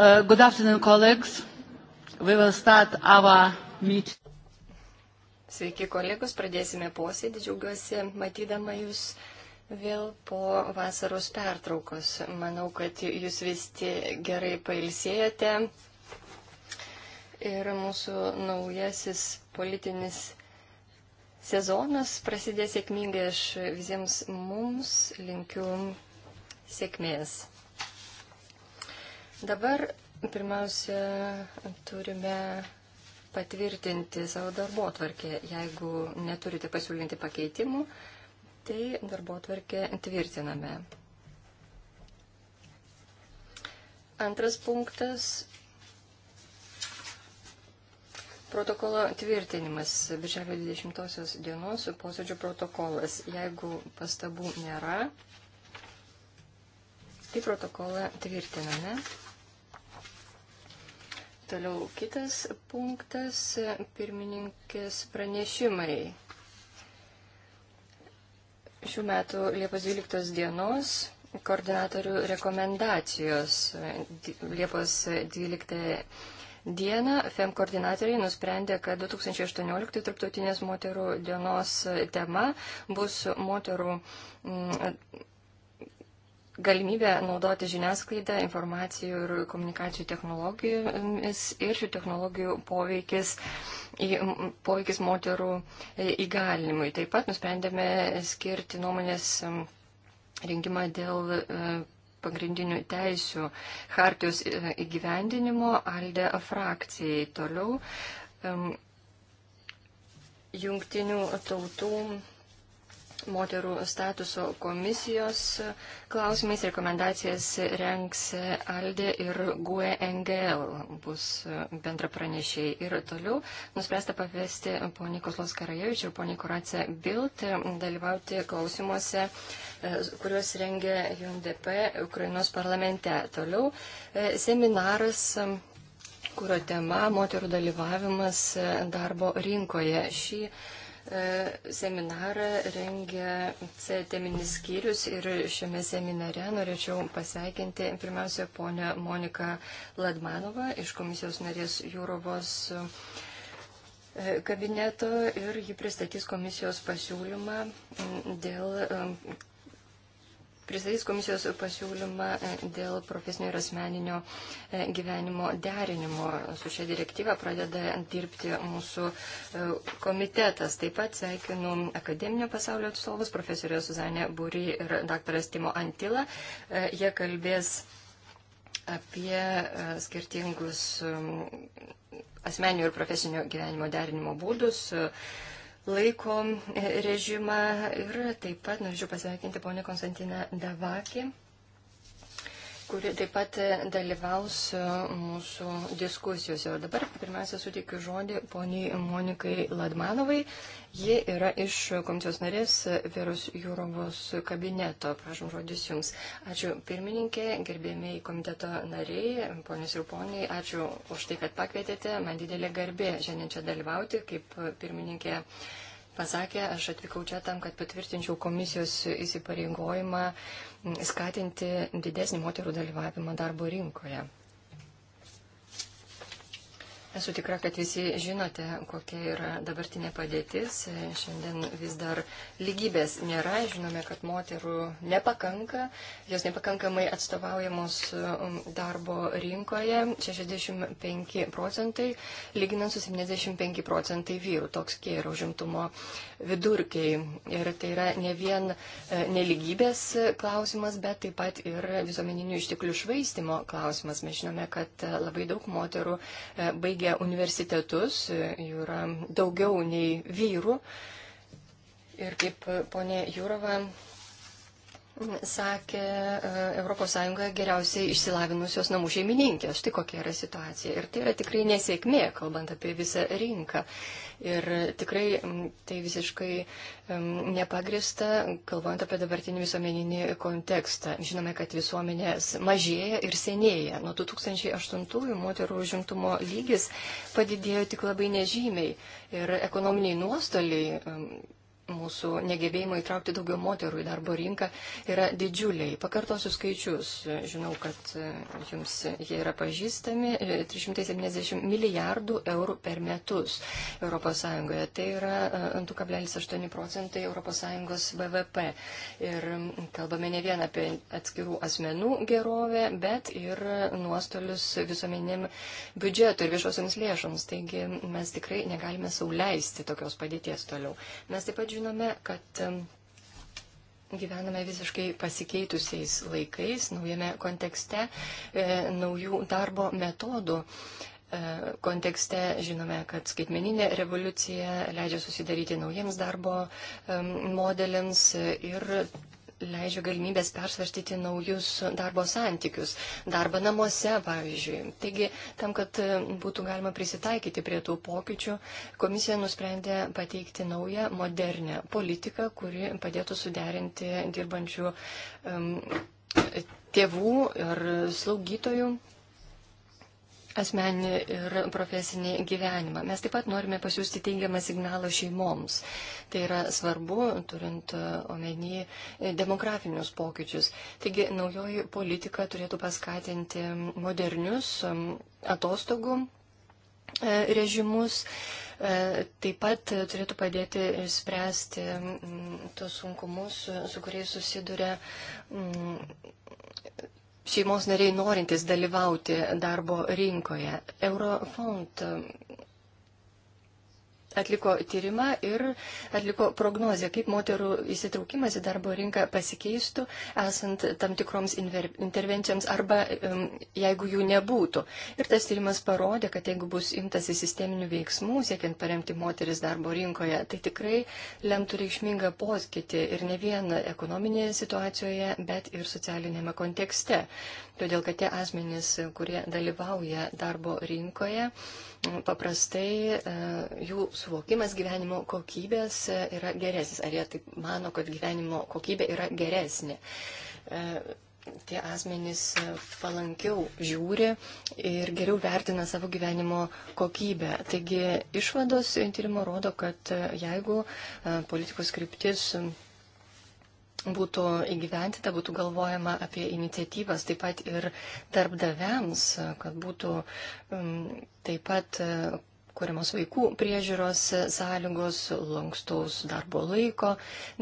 Uh, good afternoon, colleagues. We will start our meeting. Sveiki, kolegos, pradėsime posėdį. Džiaugiuosi matydama jūs vėl po vasaros pertraukos. Manau, kad jūs vis tiek gerai pailsėjote. Ir mūsų naujasis politinis sezonas prasidės sėkmingai. Aš visiems mums linkiu sėkmės. Dabar pirmiausia turime patvirtinti savo darbo tvarkę. Jeigu neturite pasiūlinti pakeitimų, tai darbo tvarkę tvirtiname. Antras punktas Protokolo tvirtinimas. Birželio 20 dienos posėdžio protokolas. Jeigu pastabų nėra, tai protokolą tvirtiname. Toliau kitas punktas - pirmininkės pranešimai. Šių metų Liepos 12 dienos koordinatorių rekomendacijos. Liepos 12 dieną FEM koordinatoriai nusprendė, kad 2018 tarptautinės moterų dienos tema bus moterų galimybė naudoti žiniasklaidą, informacijų ir komunikacijų technologijomis ir šių technologijų poveikis, poveikis moterų įgalinimui. Taip pat nusprendėme skirti nuomonės um, rinkimą dėl uh, pagrindinių teisių hartijos uh, įgyvendinimo Alde frakcijai. Toliau um, jungtinių tautų moterų statuso komisijos klausimais rekomendacijas renks Aldė ir GUE NGL bus bendra pranešiai. Ir toliau nuspręsta pavesti poniai Koslos Karajevič ir poniai Kuracija Bilt dalyvauti klausimuose, kuriuos rengia UNDP Ukrainos parlamente. Toliau e, seminaras kurio tema moterų dalyvavimas darbo rinkoje. Šį E, seminarą rengia C teminis skyrius ir šiame seminare norėčiau pasveikinti pirmiausia ponę Moniką Ladmanovą iš komisijos narės Jūrovos e, kabineto ir ji pristatys komisijos pasiūlymą dėl pristatys komisijos pasiūlymą e, dėl profesinio ir asmeninio e, gyvenimo derinimo. Su šia direktyva pradeda dirbti mūsų e, komitetas. Taip pat sveikinu akademinio pasaulio atstovus, profesorė Suzanė Būry ir daktaras Timo Antila. Jie kalbės apie skirtingus asmeninio ir profesinio gyvenimo derinimo būdus laiko režimą ir taip pat norėčiau pasveikinti ponę Konstantiną Davakį kuri taip pat dalyvaus mūsų diskusijose. O dabar pirmiausia suteikiu žodį poniai Monikai Ladmanovai. Ji yra iš komisijos narės Vėros Jūrovos kabineto. Prašom žodis Jums. Ačiū pirmininkė, gerbėmiai komiteto nariai, ponios ir poniai, ačiū už tai, kad pakvietėte. Man didelė garbė šiandien čia dalyvauti kaip pirmininkė. Uh, pasakė, aš atvykau čia tam, kad patvirtinčiau komisijos įsipareigojimą skatinti didesnį moterų dalyvavimą darbo rinkoje. Esu tikra, kad visi žinote, kokia yra dabartinė padėtis. Šiandien vis dar lygybės nėra. Žinome, kad moterų nepakanka. Jos nepakankamai atstovaujamos um, darbo rinkoje. 65 procentai, lyginant su 75 procentai vyrų. Toks kiek yra užimtumo vidurkiai. Ir tai yra ne vien e, neligybės klausimas, bet taip pat ir visuomeninių išteklių švaistimo klausimas. Mes žinome, kad e, labai daug moterų e, baigia baigę universitetus, jų yra daugiau nei vyrų. Ir kaip ponė Jūrova sakė ES geriausiai išsilavinusios namų šeimininkės. Štai kokia yra situacija. Ir tai yra tikrai nesėkmė, kalbant apie visą rinką. Ir tikrai tai visiškai nepagrista, kalbant apie dabartinį visuomeninį kontekstą. Žinome, kad visuomenės mažėja ir senėja. Nuo 2008 moterų užimtumo lygis padidėjo tik labai nežymiai. Ir ekonominiai nuostoliai mūsų negebėjimo įtraukti daugiau moterų į darbo rinką yra didžiuliai. Pakartosiu skaičius, žinau, kad e, jums jie yra pažįstami, 370 e, milijardų eurų per metus ES. Tai yra 2,8 e, procentai ES BVP. Ir kalbame ne vien apie atskirų asmenų gerovę, bet ir nuostolius visuomeniniam biudžetui ir viešosiams lėšoms. Taigi mes tikrai negalime sauliaisti tokios padėties toliau. Mes taip pat žinome, žinome, kad gyvename visiškai pasikeitusiais laikais, naujame kontekste, e, naujų darbo metodų e, kontekste žinome, kad skaitmeninė revoliucija leidžia susidaryti naujiems darbo modeliams ir leidžia galimybės persvarstyti naujus darbo santykius, darbą namuose, pavyzdžiui. Taigi, tam, kad e, būtų galima prisitaikyti prie tų pokyčių, komisija nusprendė pateikti naują, modernę politiką, kuri padėtų suderinti dirbančių um, tėvų ar slaugytojų asmeninį ir profesinį gyvenimą. Mes taip pat norime pasiūsti teigiamą signalą šeimoms. Tai yra svarbu, turint omeny demografinius pokyčius. Taigi naujoji politika turėtų paskatinti modernius um, atostogų e, režimus. E, taip pat turėtų padėti spręsti tos sunkumus, su kuriais susiduria šeimos nariai norintys dalyvauti darbo rinkoje. Eurofond atliko tyrimą ir atliko prognozę, kaip moterų įsitraukimas į darbo rinką pasikeistų, esant tam tikroms intervencijoms arba jeigu jų nebūtų. Ir tas tyrimas parodė, kad jeigu bus imtasi sisteminių veiksmų, siekiant paremti moteris darbo rinkoje, tai tikrai lemtų reikšmingą poskitį ir ne vien ekonominėje situacijoje, bet ir socialinėme kontekste todėl kad tie asmenys, kurie dalyvauja darbo rinkoje, paprastai e, jų suvokimas gyvenimo kokybės e, yra geresnis. Ar jie taip mano, kad gyvenimo kokybė yra geresnė? E, tie asmenys palankiau žiūri ir geriau vertina savo gyvenimo kokybę. Taigi išvados tyrimo rodo, kad jeigu politikos kryptis būtų įgyventita, būtų galvojama apie iniciatyvas taip pat ir darbdaviams, kad būtų mm, taip pat e, kuriamos vaikų priežiūros sąlygos, lankstaus darbo laiko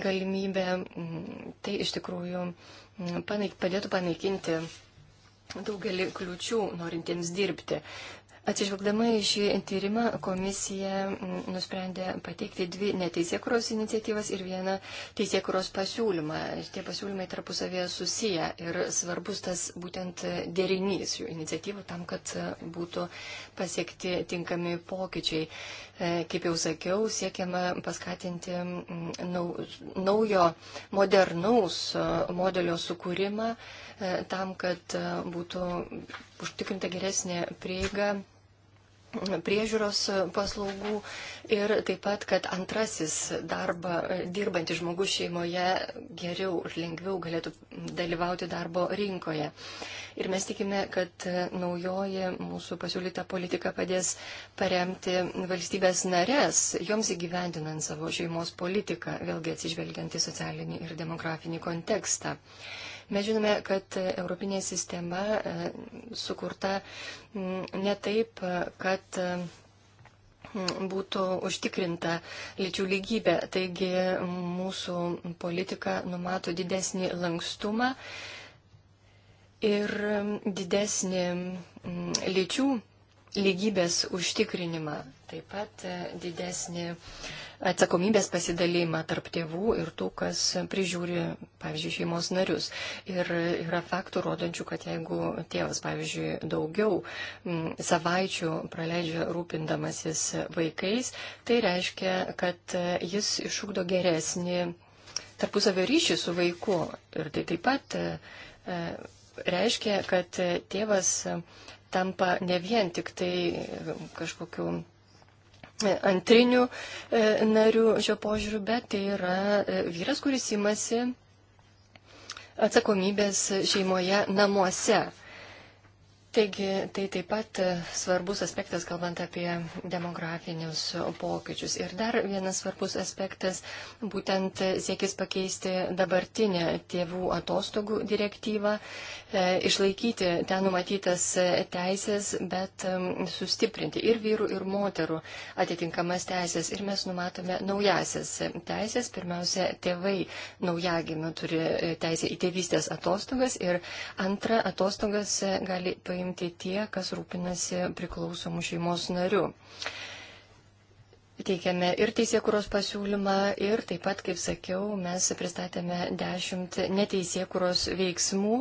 galimybė. Mm, tai iš tikrųjų mm, panaik, padėtų panaikinti daugelį kliučių norintiems dirbti. Atsižvelgdama į šį tyrimą, komisija mm, nusprendė pateikti dvi neteisėkuros iniciatyvas ir vieną teisėkuros pasiūlymą. Ir tie pasiūlymai tarpusavėje susiję ir svarbus tas būtent derinys jų iniciatyvų tam, kad e, būtų pasiekti tinkami pokyčiai. E, kaip jau sakiau, siekiama paskatinti mm, naujo modernaus e, modelio sukūrimą tam, kad būtų užtikrinta geresnė prieiga priežiūros e, paslaugų ir taip pat, kad antrasis darbą e, dirbantis žmogus šeimoje geriau ir lengviau galėtų dalyvauti darbo rinkoje. Ir mes tikime, kad e, naujoji mūsų pasiūlyta politika padės paremti valstybės narės, joms įgyvendinant savo šeimos politiką, vėlgi atsižvelgiant į socialinį ir demografinį kontekstą. Mes žinome, kad Europinė sistema e, sukurta mm, ne taip, e, kad e, būtų užtikrinta lyčių lygybė. Taigi mūsų politika numato didesnį lankstumą ir didesnį lyčių lygybės užtikrinimą, taip pat e, didesnį atsakomybės pasidalymą tarp tėvų ir tų, kas prižiūri, pavyzdžiui, šeimos narius. Ir yra faktų rodančių, kad jeigu tėvas, pavyzdžiui, daugiau savaičių praleidžia rūpindamasis vaikais, tai reiškia, kad e, jis išugdo geresnį tarpusavio ryšį su vaiku. Ir tai taip pat e, reiškia, kad tėvas tampa ne vien tik tai kažkokiu e, antriniu e, nariu šio požiūriu, bet tai yra e, vyras, kuris imasi atsakomybės šeimoje namuose. Taigi tai taip pat e, svarbus aspektas, kalbant apie demografinius pokyčius. Ir dar vienas svarbus aspektas - būtent siekis pakeisti dabartinę tėvų atostogų direktyvą, e, išlaikyti ten numatytas teisės, bet sustiprinti ir vyrų, ir moterų atitinkamas teisės. Ir mes numatome naujasias teisės. Pirmiausia, tėvai naujagimių turi e, teisę į tėvystės atostogas ir antra atostogas gali paimti paimti tie, kas rūpinasi priklausomų šeimos narių. Teikiame ir teisėkuros pasiūlymą, ir taip pat, kaip sakiau, mes pristatėme dešimt neteisėkuros veiksmų,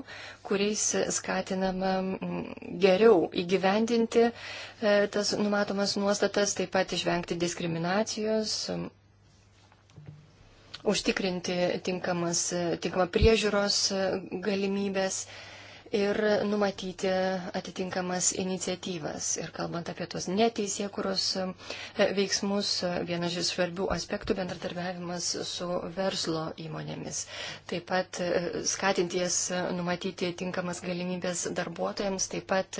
kuriais skatinama mm, geriau įgyvendinti e, tas numatomas nuostatas, taip pat išvengti diskriminacijos, užtikrinti tinkamas, tinkamą priežiūros e, galimybės ir numatyti atitinkamas iniciatyvas. Ir kalbant apie tos neteisėkuros e, veiksmus, e, vienas iš svarbių aspektų bendradarbiavimas su verslo įmonėmis. Taip pat e, skatinti jas numatyti tinkamas galimybės darbuotojams, taip pat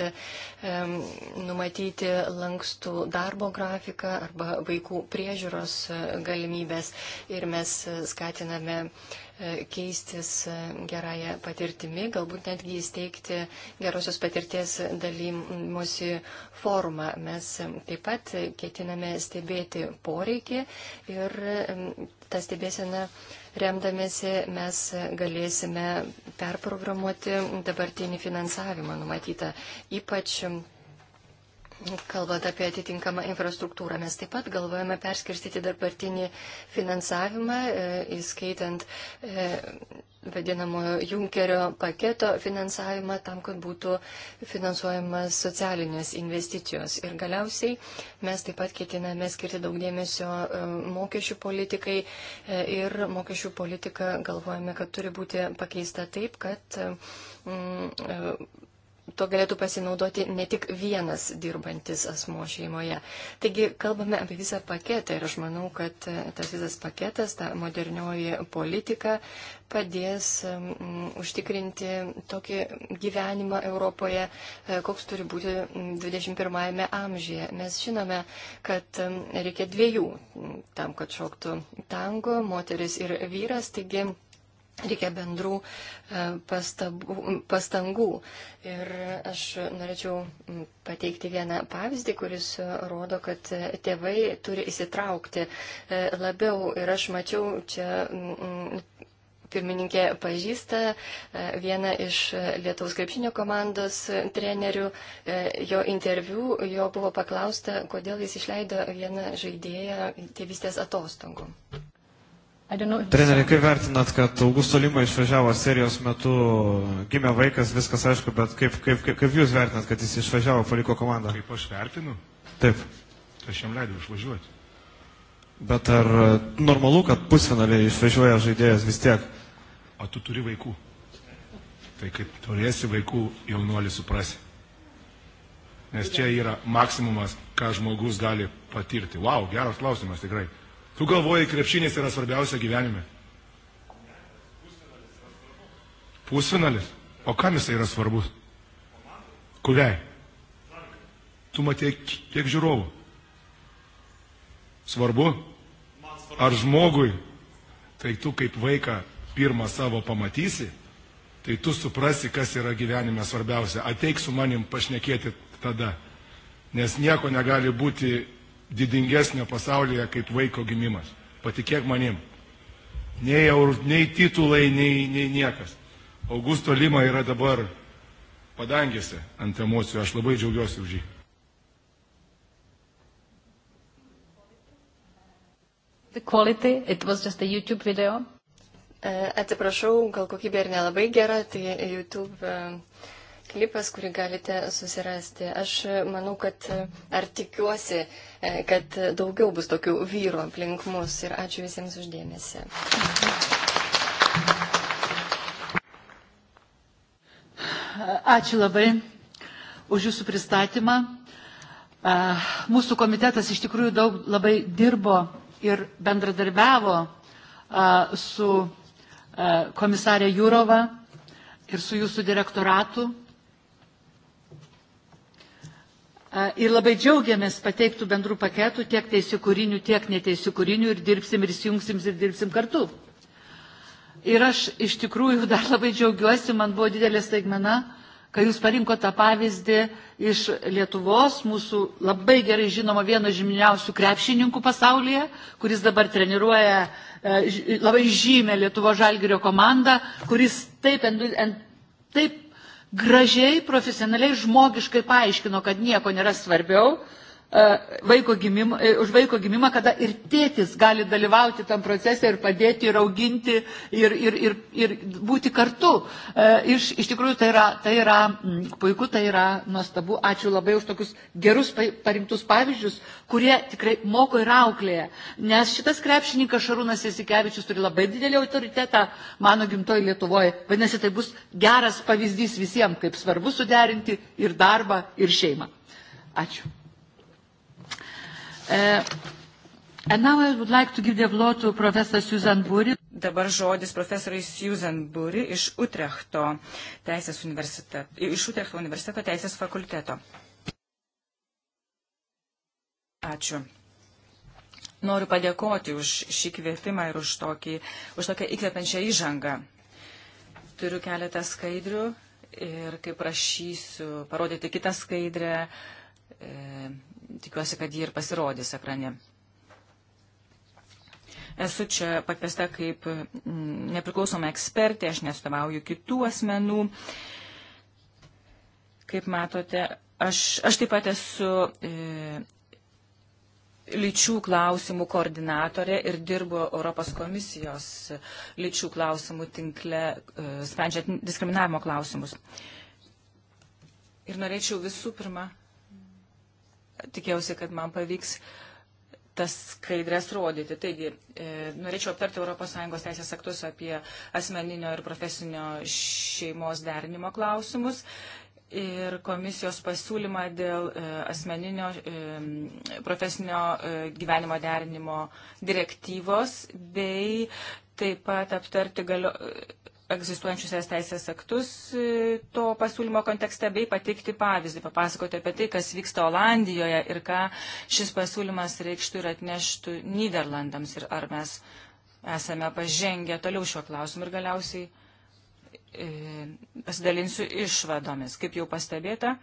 numatyti lankstų darbo grafiką arba vaikų priežiūros galimybės. Ir mes skatiname keistis e, gerąją patirtimį, galbūt netgi įsteigti gerosios patirties dalymosi formą. Mes e, taip pat ketiname stebėti poreikį ir e, tą stebėseną remdamėsi mes galėsime perprogramuoti dabartinį finansavimą numatytą, ypač Kalbant apie atitinkamą infrastruktūrą, mes taip pat galvojame perskirstyti dabartinį finansavimą, e, įskaitant e, vadinamojo Junkerio paketo finansavimą tam, kad būtų finansuojamas socialinės investicijos. Ir galiausiai mes taip pat ketiname skirti daug dėmesio e, mokesčių politikai ir mokesčių politika galvojame, kad turi būti pakeista taip, kad. Mm, Tuo galėtų pasinaudoti ne tik vienas dirbantis asmo šeimoje. Taigi kalbame apie visą paketą ir aš manau, kad e, tas visas paketas, ta modernioji politika padės užtikrinti tokį gyvenimą Europoje, e, koks turi būti 21-ame amžiuje. Mes žinome, kad reikia dviejų tam, kad šoktų tango, moteris ir vyras. Taigi, reikia bendrų e, pastabų, pastangų. Ir aš norėčiau pateikti vieną pavyzdį, kuris rodo, kad e, tėvai turi įsitraukti e, labiau. Ir aš mačiau čia. Pirmininkė pažįsta vieną iš Lietuvos krepšinio komandos trenerių. Jo interviu jo buvo paklausta, kodėl jis išleido vieną žaidėją tėvystės atostogų. Treneri, kaip vertinat, kad Augusto Lima išvažiavo serijos metu, gimė vaikas, viskas aišku, bet kaip, kaip, kaip, kaip jūs vertinat, kad jis išvažiavo, paliko komandą? Kaip aš vertinu? Taip. Aš jam leidau išvažiuoti. Bet ar e, normalu, kad pusfinaliai išvažiuoja žaidėjas vis tiek? O tu turi vaikų. Tai kaip turėsi vaikų, jaunuolį suprasi. Nes čia yra maksimumas, ką žmogus gali patirti. Vau, wow, geras klausimas tikrai. Tu galvoji, krepšinis yra svarbiausia gyvenime. Pusfinalis. O kam jisai yra svarbus? Kuriai? Tu matė, kiek žiūrovų. Svarbu? Ar žmogui? Tai tu kaip vaiką pirmą savo pamatysi, tai tu suprasi, kas yra gyvenime svarbiausia. Ateik su manim pašnekėti tada. Nes nieko negali būti didingesnio pasaulyje kaip vaiko gimimas. Patikėk manim. Nei, eur, nei titulai, nei, nei niekas. Augusto Lima yra dabar padangėse ant emocijų. Aš labai džiaugiuosi už jį. The quality, it was just a YouTube video. E, atsiprašau, gal kokybė ir nelabai gera, tai YouTube e, klipas, kurį galite susirasti. Aš manau, kad e, ar tikiuosi, e, kad daugiau bus tokių vyrų aplink mus ir ačiū visiems uždėmesi. Ačiū labai už Jūsų pristatymą. E, mūsų komitetas iš tikrųjų daug labai dirbo ir bendradarbiavo su komisarė Jūrova ir su jūsų direktoratu. Ir labai džiaugiamės pateiktų bendrų paketų tiek teisikūrinių, tiek neteisikūrinių ir dirbsim ir įsijungsim ir dirbsim kartu. Ir aš iš tikrųjų dar labai džiaugiuosi, man buvo didelė staigmena, kai jūs parinkote tą pavyzdį iš Lietuvos, mūsų labai gerai žinoma vieno žyminiausių krepšininkų pasaulyje, kuris dabar treniruoja e, labai žymę Lietuvo žalgirio komandą, kuris taip, taip gražiai, profesionaliai, žmogiškai paaiškino, kad nieko nėra svarbiau, E, vaiko gimimą, e, už vaiko gimimą, kada ir tėtis gali dalyvauti tam procese ir padėti, ir auginti, ir, ir, ir, ir būti kartu. E, iš, iš tikrųjų, tai yra, tai yra puiku, tai yra nuostabu. Ačiū labai už tokius gerus parimtus pavyzdžius, kurie tikrai moko ir auklėje. Nes šitas krepšininkas Šarūnas Jasikevičius turi labai didelį autoritetą mano gimtoje Lietuvoje. Vadinasi, tai bus geras pavyzdys visiems, kaip svarbu suderinti ir darbą, ir šeimą. Ačiū. Uh, and now I would like to give the floor to Professor Susan Buri. Dabar žodis profesoriai Susan Buri iš Utrechto, teisės universiteto, iš Utrechto universiteto teisės fakulteto. Ačiū. Noriu padėkoti už šį kvietimą ir už, tokį, už tokią įkvepiančią įžangą. Turiu keletą skaidrių ir kai prašysiu parodyti kitą skaidrę, e, tikiuosi, kad ji ir pasirodys ekrane. Esu čia pakviesta kaip mm, nepriklausoma ekspertė, aš nestovauju kitų asmenų. Kaip matote, aš, aš taip pat esu e, lyčių klausimų koordinatorė ir dirbu Europos komisijos lyčių klausimų tinkle, e, sprendžiant diskriminavimo klausimus. Ir norėčiau visų pirma tikėjausi, kad man pavyks tas skaidrės rodyti. Taigi, e, norėčiau aptarti ES teisės aktus apie asmeninio ir profesinio šeimos derinimo klausimus ir komisijos pasiūlymą dėl e, asmeninio e, profesinio e, gyvenimo derinimo direktyvos bei taip pat aptarti galio, egzistuojančius es teisės aktus e, to pasiūlymo kontekste bei pateikti pavyzdį, papasakoti apie tai, kas vyksta Olandijoje ir ką šis pasiūlymas reikštų ir atneštų Niderlandams ir ar mes esame pažengę toliau šiuo klausimu ir galiausiai e, pasidalinsiu išvadomis. Kaip jau pastebėta,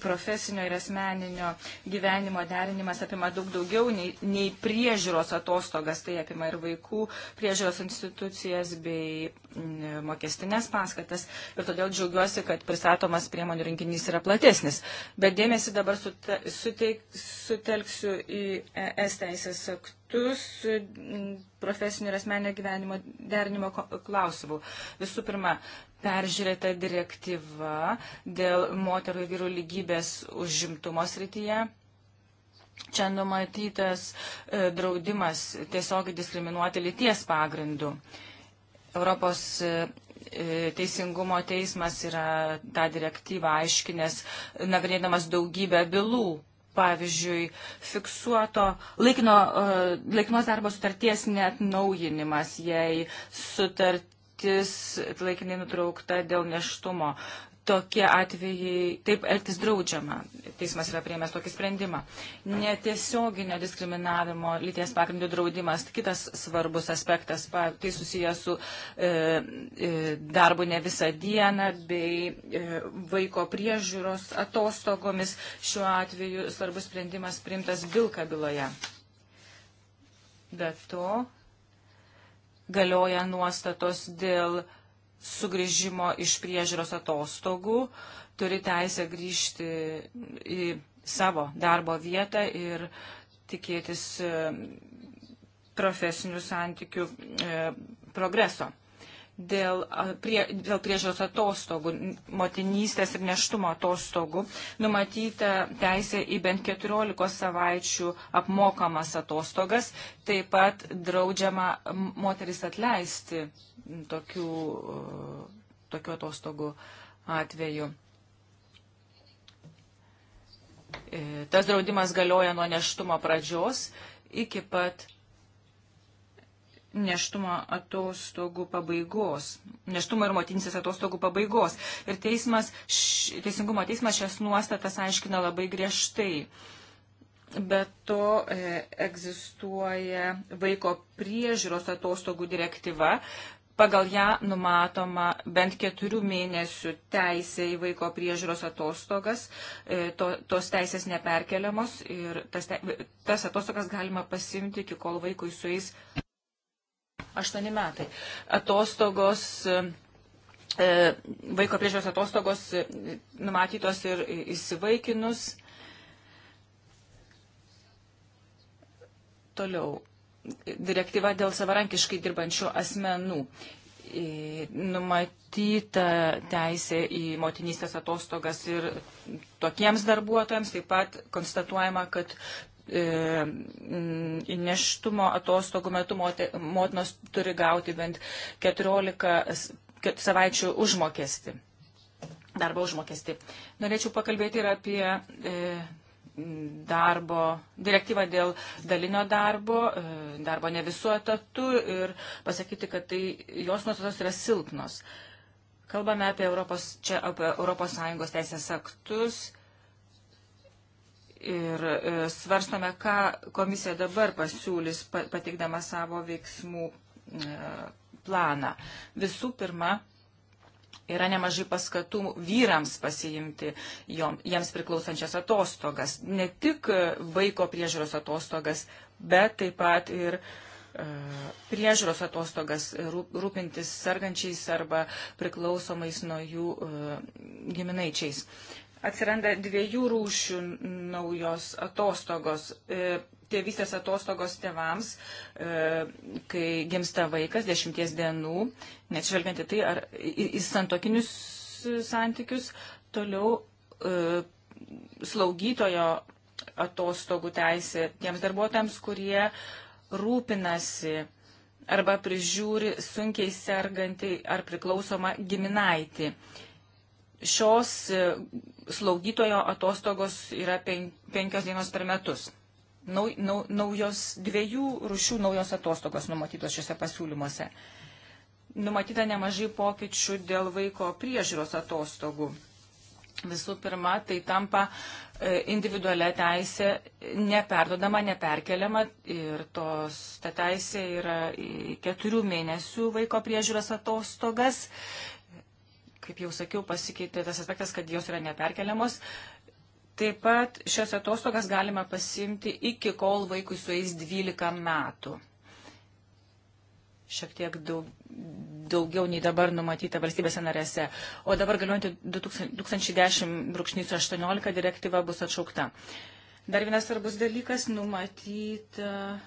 profesinio ir asmeninio gyvenimo derinimas apima daug daugiau nei, nei priežiūros atostogas, tai apima ir vaikų priežiūros institucijas bei mm, mokestinės paskatas. Ir todėl džiaugiuosi, kad pristatomas priemonių rinkinys yra platesnis. Bet dėmesį dabar sute, suteik, sutelksiu į ES teisės aktus aspektus mm, profesinio ir asmenio gyvenimo derinimo klausimų. Visų pirma, peržiūrėta direktyva dėl moterų ir vyrų lygybės užimtumo srityje. Čia numatytas e, draudimas tiesiog diskriminuoti lyties pagrindų. Europos e, e, teisingumo teismas yra tą direktyvą aiškinęs, nagrinėdamas daugybę bylų pavyzdžiui, fiksuoto laikino, e, laikinos darbo sutarties net naujinimas, jei sutartis laikinai nutraukta dėl neštumo tokie atvejai, taip elgtis draudžiama. Teismas yra prieimęs tokį sprendimą. Netiesioginio diskriminavimo lyties pagrindų draudimas, kitas svarbus aspektas, tai susijęs su e, e, darbu ne visą dieną bei e, vaiko priežiūros atostogomis. Šiuo atveju svarbus sprendimas priimtas Bilka byloje. Be to galioja nuostatos dėl sugrįžimo iš priežiūros atostogų turi teisę grįžti į savo darbo vietą ir tikėtis e, profesinių santykių e, progreso dėl, prie, dėl priežiūros atostogų, motinystės ir neštumo atostogų, numatyta teisė į bent 14 savaičių apmokamas atostogas, taip pat draudžiama moteris atleisti tokių, e, tokių atostogų atveju. E, tas draudimas galioja nuo neštumo pradžios iki pat neštumo atostogų pabaigos, neštumo ir motinsis atostogų pabaigos. Ir teismas, š, teisingumo teismas šias nuostatas aiškina labai griežtai. Be to e, egzistuoja vaiko priežiūros atostogų direktyva, pagal ją numatoma bent keturių mėnesių teisė į vaiko priežiūros atostogas, e, to, tos teisės neperkeliamos ir tas, tas atostogas galima pasimti, iki kol vaikui sueis aštuoni metai. Atostogos, e, e, vaiko priežiūros atostogos e, numatytos ir įsivaikinus. Toliau. Direktyva dėl savarankiškai dirbančių asmenų numatyta teisė į motinystės atostogas ir tokiems darbuotojams. Taip pat konstatuojama, kad E, mm, neštumo atostogų metu motinos turi gauti bent 14 savaičių užmokesti, darbo užmokesti. Norėčiau pakalbėti ir apie e, darbo, direktyvą dėl dalinio darbo, e, darbo ne visų etatų ir pasakyti, kad tai, jos nuostatos yra silpnos. Kalbame apie Europos, čia apie Europos Sąjungos teisės aktus Ir e, svarstame, ką komisija dabar pasiūlys, pateikdama savo veiksmų e, planą. Visų pirma, yra nemažai paskatų vyrams pasiimti jom, jiems priklausančias atostogas. Ne tik vaiko priežiūros atostogas, bet taip pat ir e, priežiūros atostogas rūpintis sergančiais arba priklausomais nuo jų e, giminaičiais atsiranda dviejų rūšių naujos atostogos. E, tėvystės atostogos tevams, e, kai gimsta vaikas dešimties dienų, neatšvelgiant į tai, ar į, į santokinius santykius, toliau e, slaugytojo atostogų teisė tiems darbuotojams, kurie rūpinasi arba prižiūri sunkiai sergantį ar priklausomą giminaitį. E, šios e, slaugytojo atostogos yra penkios dienos per metus. Nau, nau, naujos dviejų rušių naujos atostogos numatytos šiuose pasiūlymuose. Numatyta nemažai pokyčių dėl vaiko priežiūros atostogų. Visų pirma, tai tampa e, individualia teisė neperdodama, neperkeliama ir tos, ta teisė yra keturių mėnesių vaiko priežiūros atostogas kaip jau sakiau, pasikeitė tas aspektas, kad jos yra neperkeliamos. Taip pat šios atostogas galima pasimti iki kol vaikui sueis 12 metų. Šiek tiek daug, daugiau nei dabar numatyta valstybėse narėse. O dabar galiuojantį 2010-18 direktyva bus atšaukta. Dar vienas svarbus dalykas numatyta e,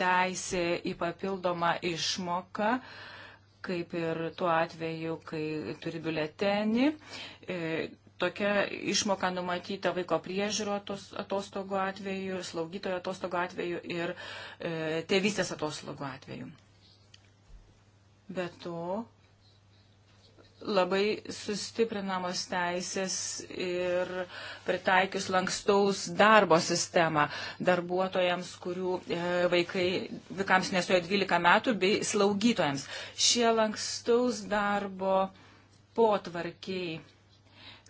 teisė į papildomą išmoką. E, kaip ir tuo atveju, kai turi biuletenį. E, tokia išmoka numatyta vaiko priežiūro atostogų atveju, slaugytojo atostogų atveju ir e, tėvystės atostogų atveju. Be to, labai sustiprinamos teisės ir pritaikius lankstaus darbo sistemą darbuotojams, kurių e, vaikai, vaikams nesuoja 12 metų, bei slaugytojams. Šie lankstaus darbo potvarkiai,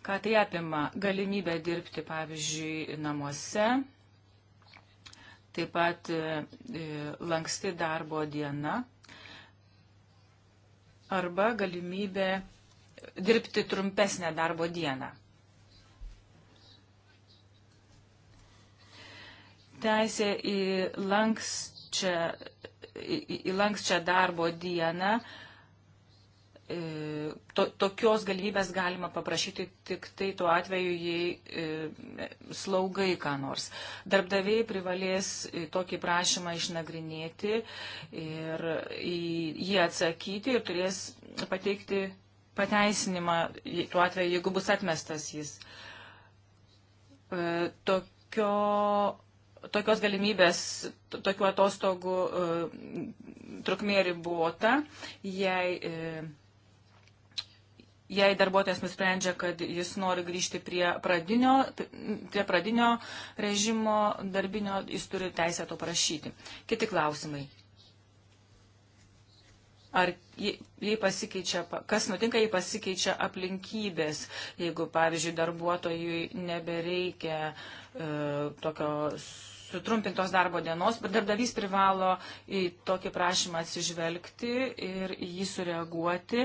ką tai apima, galimybę dirbti, pavyzdžiui, namuose, taip pat e, e, lanksti darbo diena arba galimybė dirbti trumpesnę darbo dieną. Teisė į lankščią, į, į lankščią darbo dieną e, to, tokios galimybės galima paprašyti tik tai tuo atveju, jei e, slaugai ką nors. Darbdaviai privalės e, tokį prašymą išnagrinėti ir į jį atsakyti ir turės pateikti pateisinimą tuo atveju, jeigu bus atmestas jis. E, tokio, tokios galimybės, tokių atostogų e, trukmė ribota, jei, e, jei darbuotojas nusprendžia, kad jis nori grįžti prie pradinio, prie pradinio režimo darbinio, jis turi teisę to prašyti. Kiti klausimai ar jei pasikeičia, kas nutinka, jei pasikeičia aplinkybės, jeigu, pavyzdžiui, darbuotojui nebereikia e, tokio sutrumpintos darbo dienos, bet darbdavys privalo į tokį prašymą atsižvelgti ir jį sureaguoti.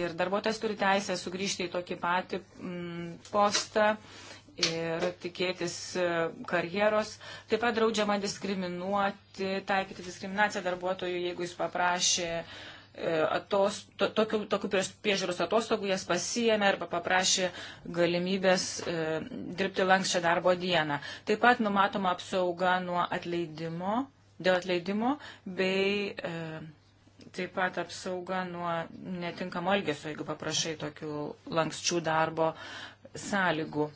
Ir darbuotojas turi teisę sugrįžti į tokį patį m, mm, postą. E, ir tikėtis e, karjeros. Taip pat draudžiama diskriminuoti, taikyti diskriminaciją darbuotojų, jeigu jis paprašė e, atos, to, tokių, tokių priežiūros atostogų, jas pasijėmė arba paprašė galimybės e, dirbti lankščią darbo dieną. Taip pat numatoma apsauga nuo atleidimo, dėl atleidimo bei e, taip pat apsauga nuo netinkamo elgesio, jeigu paprašai tokių lankščių darbo sąlygų.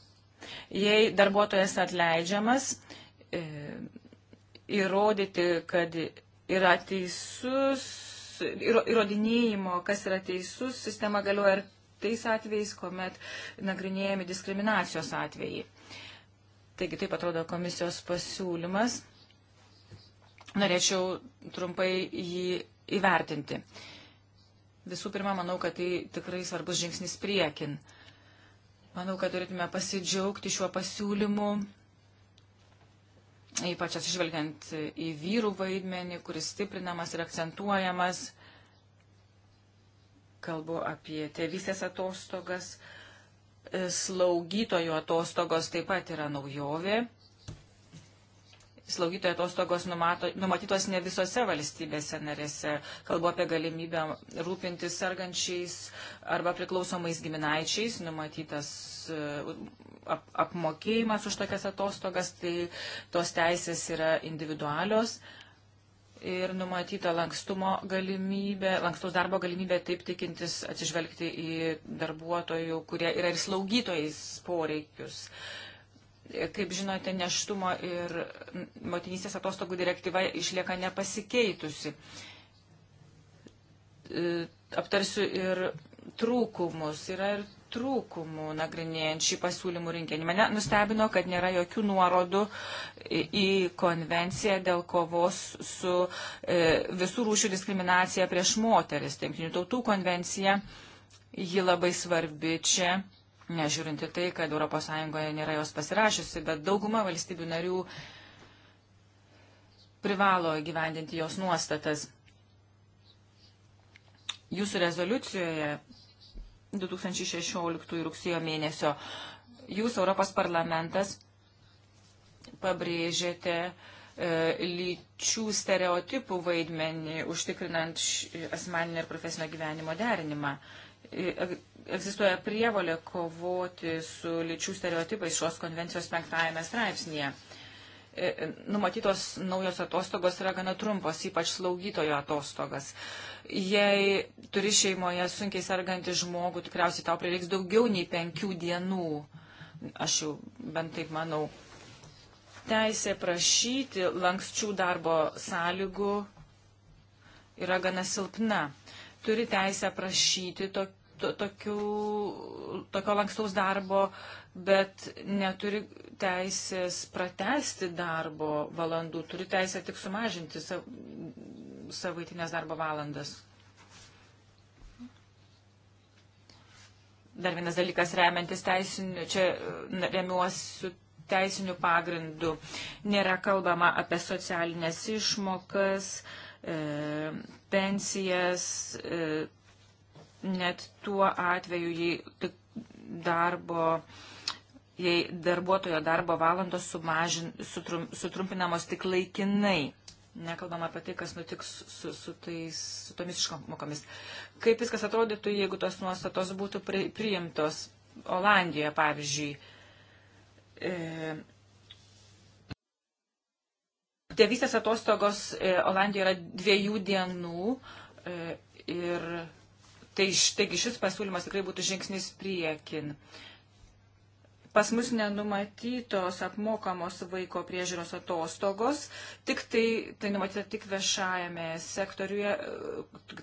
Jei darbuotojas atleidžiamas, e, įrodyti, kad yra teisus, įrodinėjimo, kas yra teisus, sistema galioja ir tais atvejais, kuomet nagrinėjami diskriminacijos atvejai. Taigi taip atrodo komisijos pasiūlymas. Norėčiau trumpai jį įvertinti. Visų pirma, manau, kad tai tikrai svarbus žingsnis priekin. Uh, Manau, kad turėtume pasidžiaugti šiuo pasiūlymu, ypač atsižvelgiant į vyrų vaidmenį, kuris stiprinamas ir akcentuojamas. Kalbu apie tėvysės atostogas, slaugytojų atostogos taip pat yra naujovė slaugytojo atostogos numato, numatytos ne visose valstybėse narėse. Kalbu apie galimybę rūpintis sergančiais arba priklausomais giminaičiais, numatytas e, ap, apmokėjimas už tokias atostogas, tai tos teisės yra individualios ir numatyta lankstumo galimybė, lankstus darbo galimybė taip tikintis atsižvelgti į darbuotojų, kurie yra ir slaugytojais poreikius. Uh, Kaip žinote, neštumo ir motinystės atostogų direktyva išlieka nepasikeitusi. E, aptarsiu ir trūkumus. Yra ir trūkumų nagrinėjant šį pasiūlymų rinkinį. Mane nustebino, kad nėra jokių nuorodų į konvenciją dėl kovos su e, visų rūšių diskriminacija prieš moteris. Tinktinių tautų konvencija, ji labai svarbi čia. Nežiūrinti tai, kad ES nėra jos pasirašiusi, bet dauguma valstybių narių privalo gyvendinti jos nuostatas. Jūsų rezoliucijoje 2016 rugsėjo mėnesio jūs, Europos parlamentas, pabrėžėte e, lyčių stereotipų vaidmenį, užtikrinant asmeninio ir profesinio gyvenimo derinimą. E, egzistuoja prievolė kovoti su lyčių stereotipais šios konvencijos penktajame straipsnėje. E, e, numatytos naujos atostogos yra gana trumpos, ypač slaugytojo atostogas. Jei turi šeimoje sunkiai sergantį žmogų, tikriausiai tau prireiks daugiau nei penkių dienų. Aš jau bent taip manau. Teisė prašyti lankščių darbo sąlygų yra gana silpna. Turi teisę prašyti tokių tokių, tokio lankstaus darbo, bet neturi teisės pratesti darbo valandų, turi teisę tik sumažinti sav, savaitinės darbo valandas. Dar vienas dalykas remiantis teisiniu, čia remiuosiu teisiniu pagrindu. Nėra kalbama apie socialinės išmokas, e, pensijas, e, net tuo atveju, jei darbo jei darbuotojo darbo valandos sumažin, sutrum, sutrumpinamos tik laikinai. Nekalbam apie tai, kas nutiks su, su, tais, su tomis išmokomis. Kaip viskas atrodytų, jeigu tos nuostatos būtų pri, priimtos Olandijoje, pavyzdžiui. E, Tėvystės atostogos e, Olandijoje yra dviejų dienų e, ir Tai taigi šis pasiūlymas tikrai būtų žingsnis priekin. Pas mus nenumatytos apmokamos vaiko priežiūros atostogos, tik tai, tai numatyta tik viešajame sektoriuje,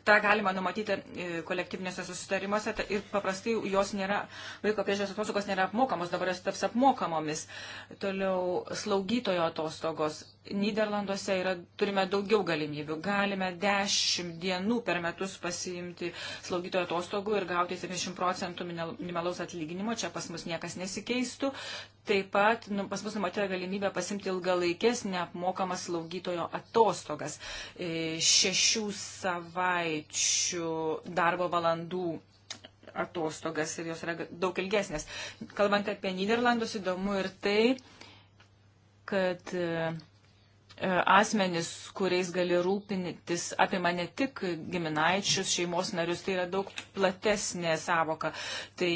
tą galima numatyti e, kolektyvinėse susitarimuose ir paprastai jos nėra, vaiko priežiūros atostogos nėra apmokamos, dabar jos taps apmokamomis. Toliau slaugytojo atostogos Niderlanduose yra, turime daugiau galimybių. Galime 10 dienų per metus pasiimti slaugytojo atostogų ir gauti 70 procentų minimalaus atlyginimo. Čia pas mus niekas nesikeičia pasikeistų. Taip pat nu, pas mus numatyta galimybė pasimti ilgalaikės neapmokamas slaugytojo atostogas. E, šešių savaičių darbo valandų atostogas ir jos yra daug ilgesnės. Kalbant apie Niderlandus, įdomu ir tai, kad e, E, asmenis, kuriais gali rūpintis, apima ne tik giminaičius, šeimos narius, tai yra daug platesnė savoka. Tai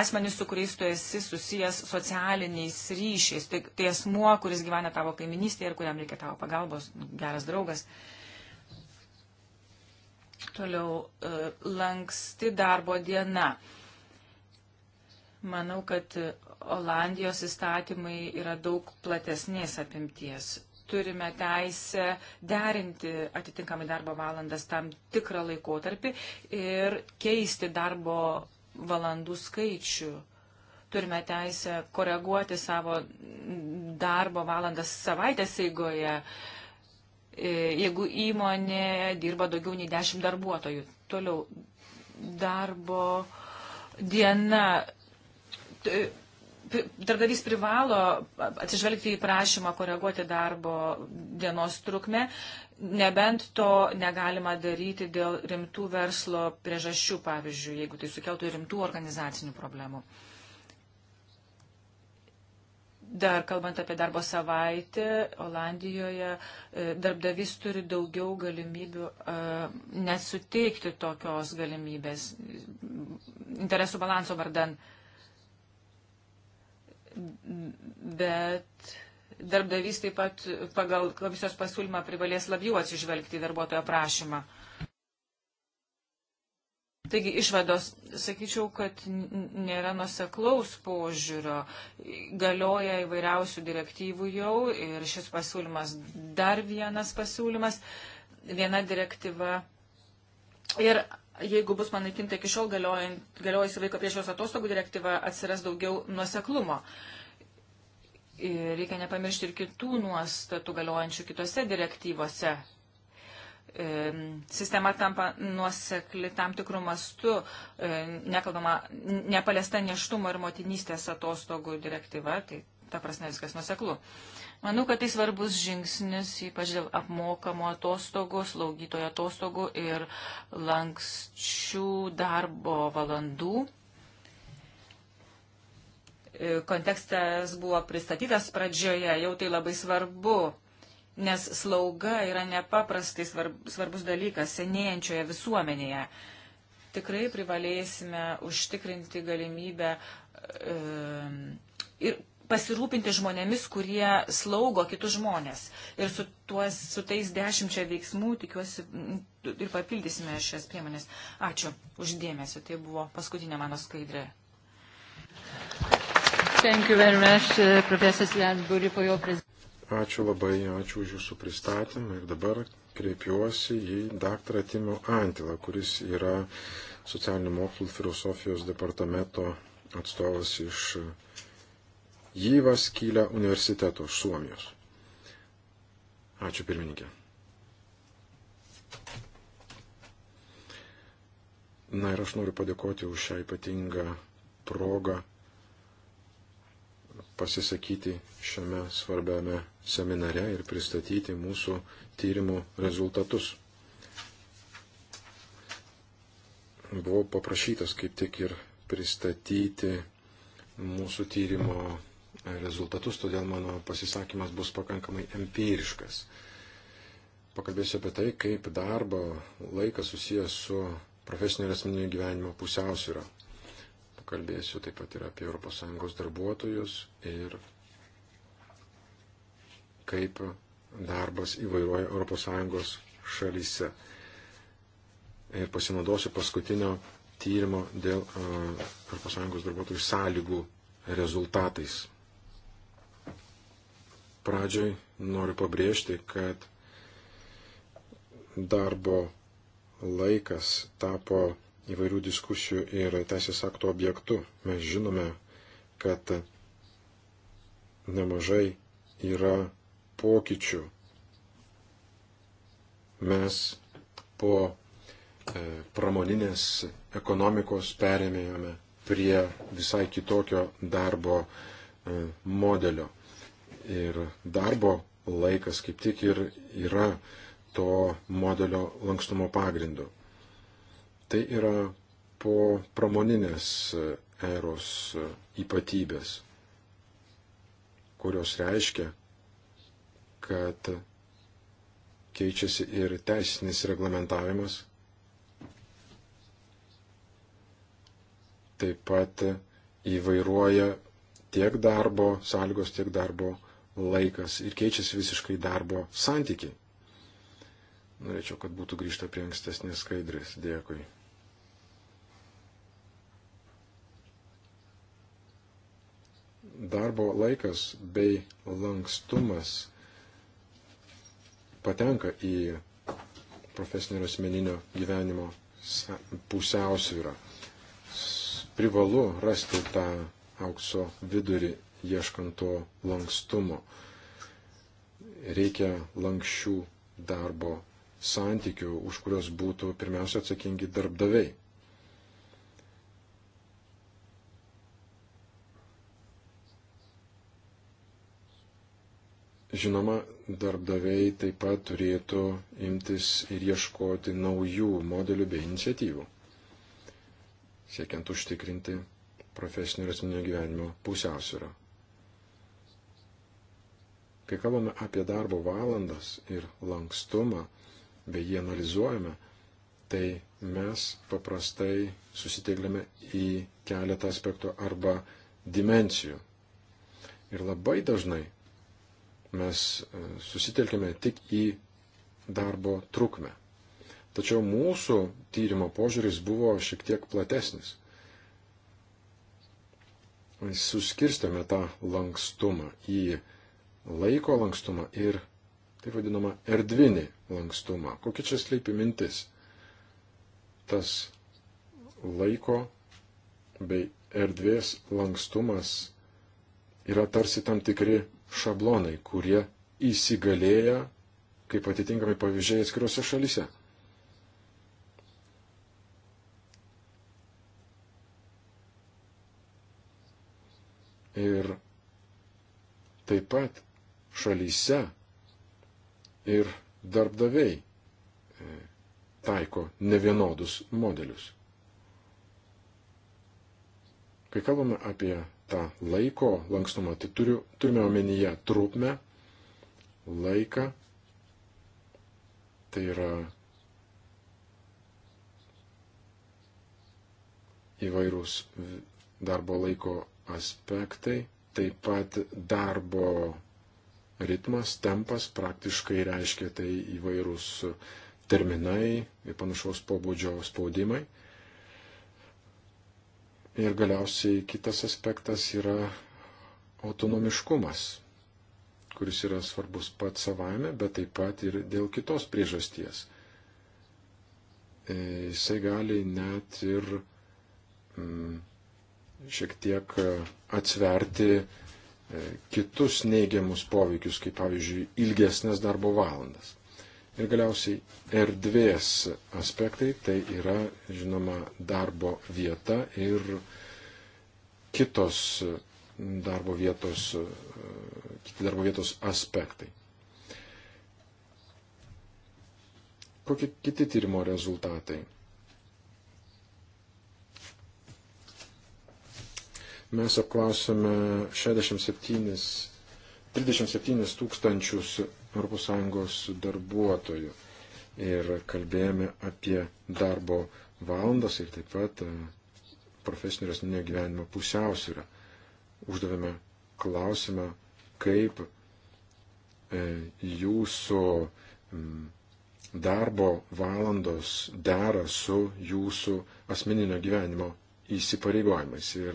asmenis, su kuriais tu esi susijęs socialiniais ryšiais, tai, tai asmuo, kuris gyvena tavo kaiminystėje ir kuriam reikia tavo pagalbos, nu, geras draugas. Toliau e, lanksti darbo diena. Manau, kad Olandijos įstatymai yra daug platesnės apimties turime teisę derinti atitinkamai darbo valandas tam tikrą laikotarpį ir keisti darbo valandų skaičių. Turime teisę koreguoti savo darbo valandas savaitės eigoje, e, jeigu įmonė dirba daugiau nei 10 darbuotojų. Toliau darbo diena darbdavys privalo atsižvelgti į prašymą koreguoti darbo dienos trukmę, nebent to negalima daryti dėl rimtų verslo priežasčių, pavyzdžiui, jeigu tai sukeltų rimtų organizacinių problemų. Dar kalbant apie darbo savaitę, Olandijoje e, darbdavys turi daugiau galimybių e, nesuteikti tokios galimybės interesų balanso vardan. Uh, bet darbdavys taip pat pagal komisijos pasiūlymą privalės labiau atsižvelgti į darbuotojo prašymą. Taigi išvados, sakyčiau, kad nėra nuseklaus požiūrio, galioja įvairiausių direktyvų jau ir šis pasiūlymas dar vienas pasiūlymas, viena direktyva. Ir jeigu bus panaikinta iki šiol galiojusi vaiko priežiūros atostogų direktyva, atsiras daugiau nuoseklumo. Ir reikia nepamiršti ir kitų nuostatų galiojančių kitose direktyvose. E, sistema tampa nuosekli tam tikrų mastų, e, nekalbama, nepalesta neštumo ir motinystės atostogų direktyva, tai ta prasme viskas nuoseklu. E, Manau, kad tai svarbus žingsnis, ypač dėl apmokamo atostogų, slaugytojo atostogų ir lankščių darbo valandų. E, kontekstas buvo pristatytas pradžioje, jau tai labai svarbu, nes slauga yra nepaprastai svarbus dalykas senėjančioje visuomenėje. Tikrai privalėsime užtikrinti galimybę e, ir pasirūpinti žmonėmis, kurie slaugo kitus žmonės. Ir su, tuos, su tais dešimčia veiksmų tikiuosi ir papildysime šias priemonės. Ačiū uždėmesi. Tai buvo paskutinė mano skaidrė. Uh, ačiū labai, ačiū už Jūsų pristatymą ir dabar kreipiuosi į daktarą Timio Antilą, kuris yra socialinių mokslų filosofijos departamento atstovas iš Jyvas Kylė universiteto iš Suomijos. Ačiū pirmininkė. Na ir aš noriu padėkoti už šią ypatingą progą pasisakyti šiame svarbiame seminare ir pristatyti mūsų tyrimų rezultatus. Buvau paprašytas kaip tik ir pristatyti mūsų tyrimo rezultatus, todėl mano pasisakymas bus pakankamai empiriškas. Pakalbėsiu apie tai, kaip darbo laikas susijęs su profesinio ir asmeninio gyvenimo pusiausvyrą. Pakalbėsiu taip pat ir apie ES darbuotojus ir kaip darbas įvairuoja ES šalyse. Ir pasinaudosiu paskutinio tyrimo dėl e, ES darbuotojų sąlygų rezultatais. Pradžioj noriu pabrėžti, kad darbo laikas tapo įvairių diskusijų ir teisės aktų objektų. Mes žinome, kad nemažai yra pokyčių. Mes po e, pramoninės ekonomikos perėmėjome prie visai kitokio darbo e, modelio. Ir darbo laikas kaip tik ir yra to modelio lankstumo pagrindu. Tai yra po pramoninės eros ypatybės, kurios reiškia, kad keičiasi ir teisinis reglamentavimas, taip pat įvairuoja tiek darbo sąlygos, tiek darbo laikas ir keičiasi visiškai darbo santykiai. Norėčiau, kad būtų grįžta prie ankstesnės skaidrės. Dėkui. Darbo laikas bei lankstumas patenka į profesinio ir asmeninio gyvenimo pusiausvyrą. Privalu rasti tą aukso vidurį ieškant to lankstumo. Reikia lankščių darbo santykių, už kurios būtų pirmiausia atsakingi darbdaviai. Žinoma, darbdaviai taip pat turėtų imtis ir ieškoti naujų modelių bei iniciatyvų, siekiant užtikrinti profesinio ir asmeninio gyvenimo pusiausvyrą. Kai kalbame apie darbo valandas ir lankstumą, bei jį analizuojame, tai mes paprastai susitegliame į keletą aspektų arba dimensijų. Ir labai dažnai mes e, susitelkime tik į darbo trukmę. Tačiau mūsų tyrimo požiūris buvo šiek tiek platesnis. Suskirstėme tą lankstumą į laiko lankstumą ir taip vadinamą erdvinį lankstumą. Kokia čia sleipi mintis? Tas laiko bei erdvės lankstumas yra tarsi tam tikri šablonai, kurie įsigalėja kaip atitinkami pavyzdžiai atskiriuose šalyse. Ir taip pat šalyse ir darbdaviai e, taiko nevienodus modelius. Kai kalbame apie tą laiko lankstumą, tai turiu, turime omenyje trukmę, laiką, tai yra įvairūs darbo laiko aspektai, taip pat darbo ritmas, tempas praktiškai reiškia tai įvairūs terminai ir panašaus pobūdžio spaudimai. Ir galiausiai kitas aspektas yra autonomiškumas, kuris yra svarbus pat savaime, bet taip pat ir dėl kitos priežasties. E, jisai gali net ir mm, šiek tiek atsverti E, kitus neigiamus poveikius, kaip pavyzdžiui ilgesnės darbo valandas. Ir galiausiai erdvės aspektai tai yra, žinoma, darbo vieta ir kitos darbo vietos, e, kiti darbo vietos aspektai. Kokie kiti tyrimo rezultatai? Mes apklausėme 67, 37 tūkstančius ES darbuotojų ir kalbėjome apie darbo valandas ir taip pat e, profesinio ir asmeninio gyvenimo pusiausvyrą. Uždavėme klausimą, kaip e, jūsų darbo valandos dera su jūsų asmeninio gyvenimo įsipareigojimais. Ir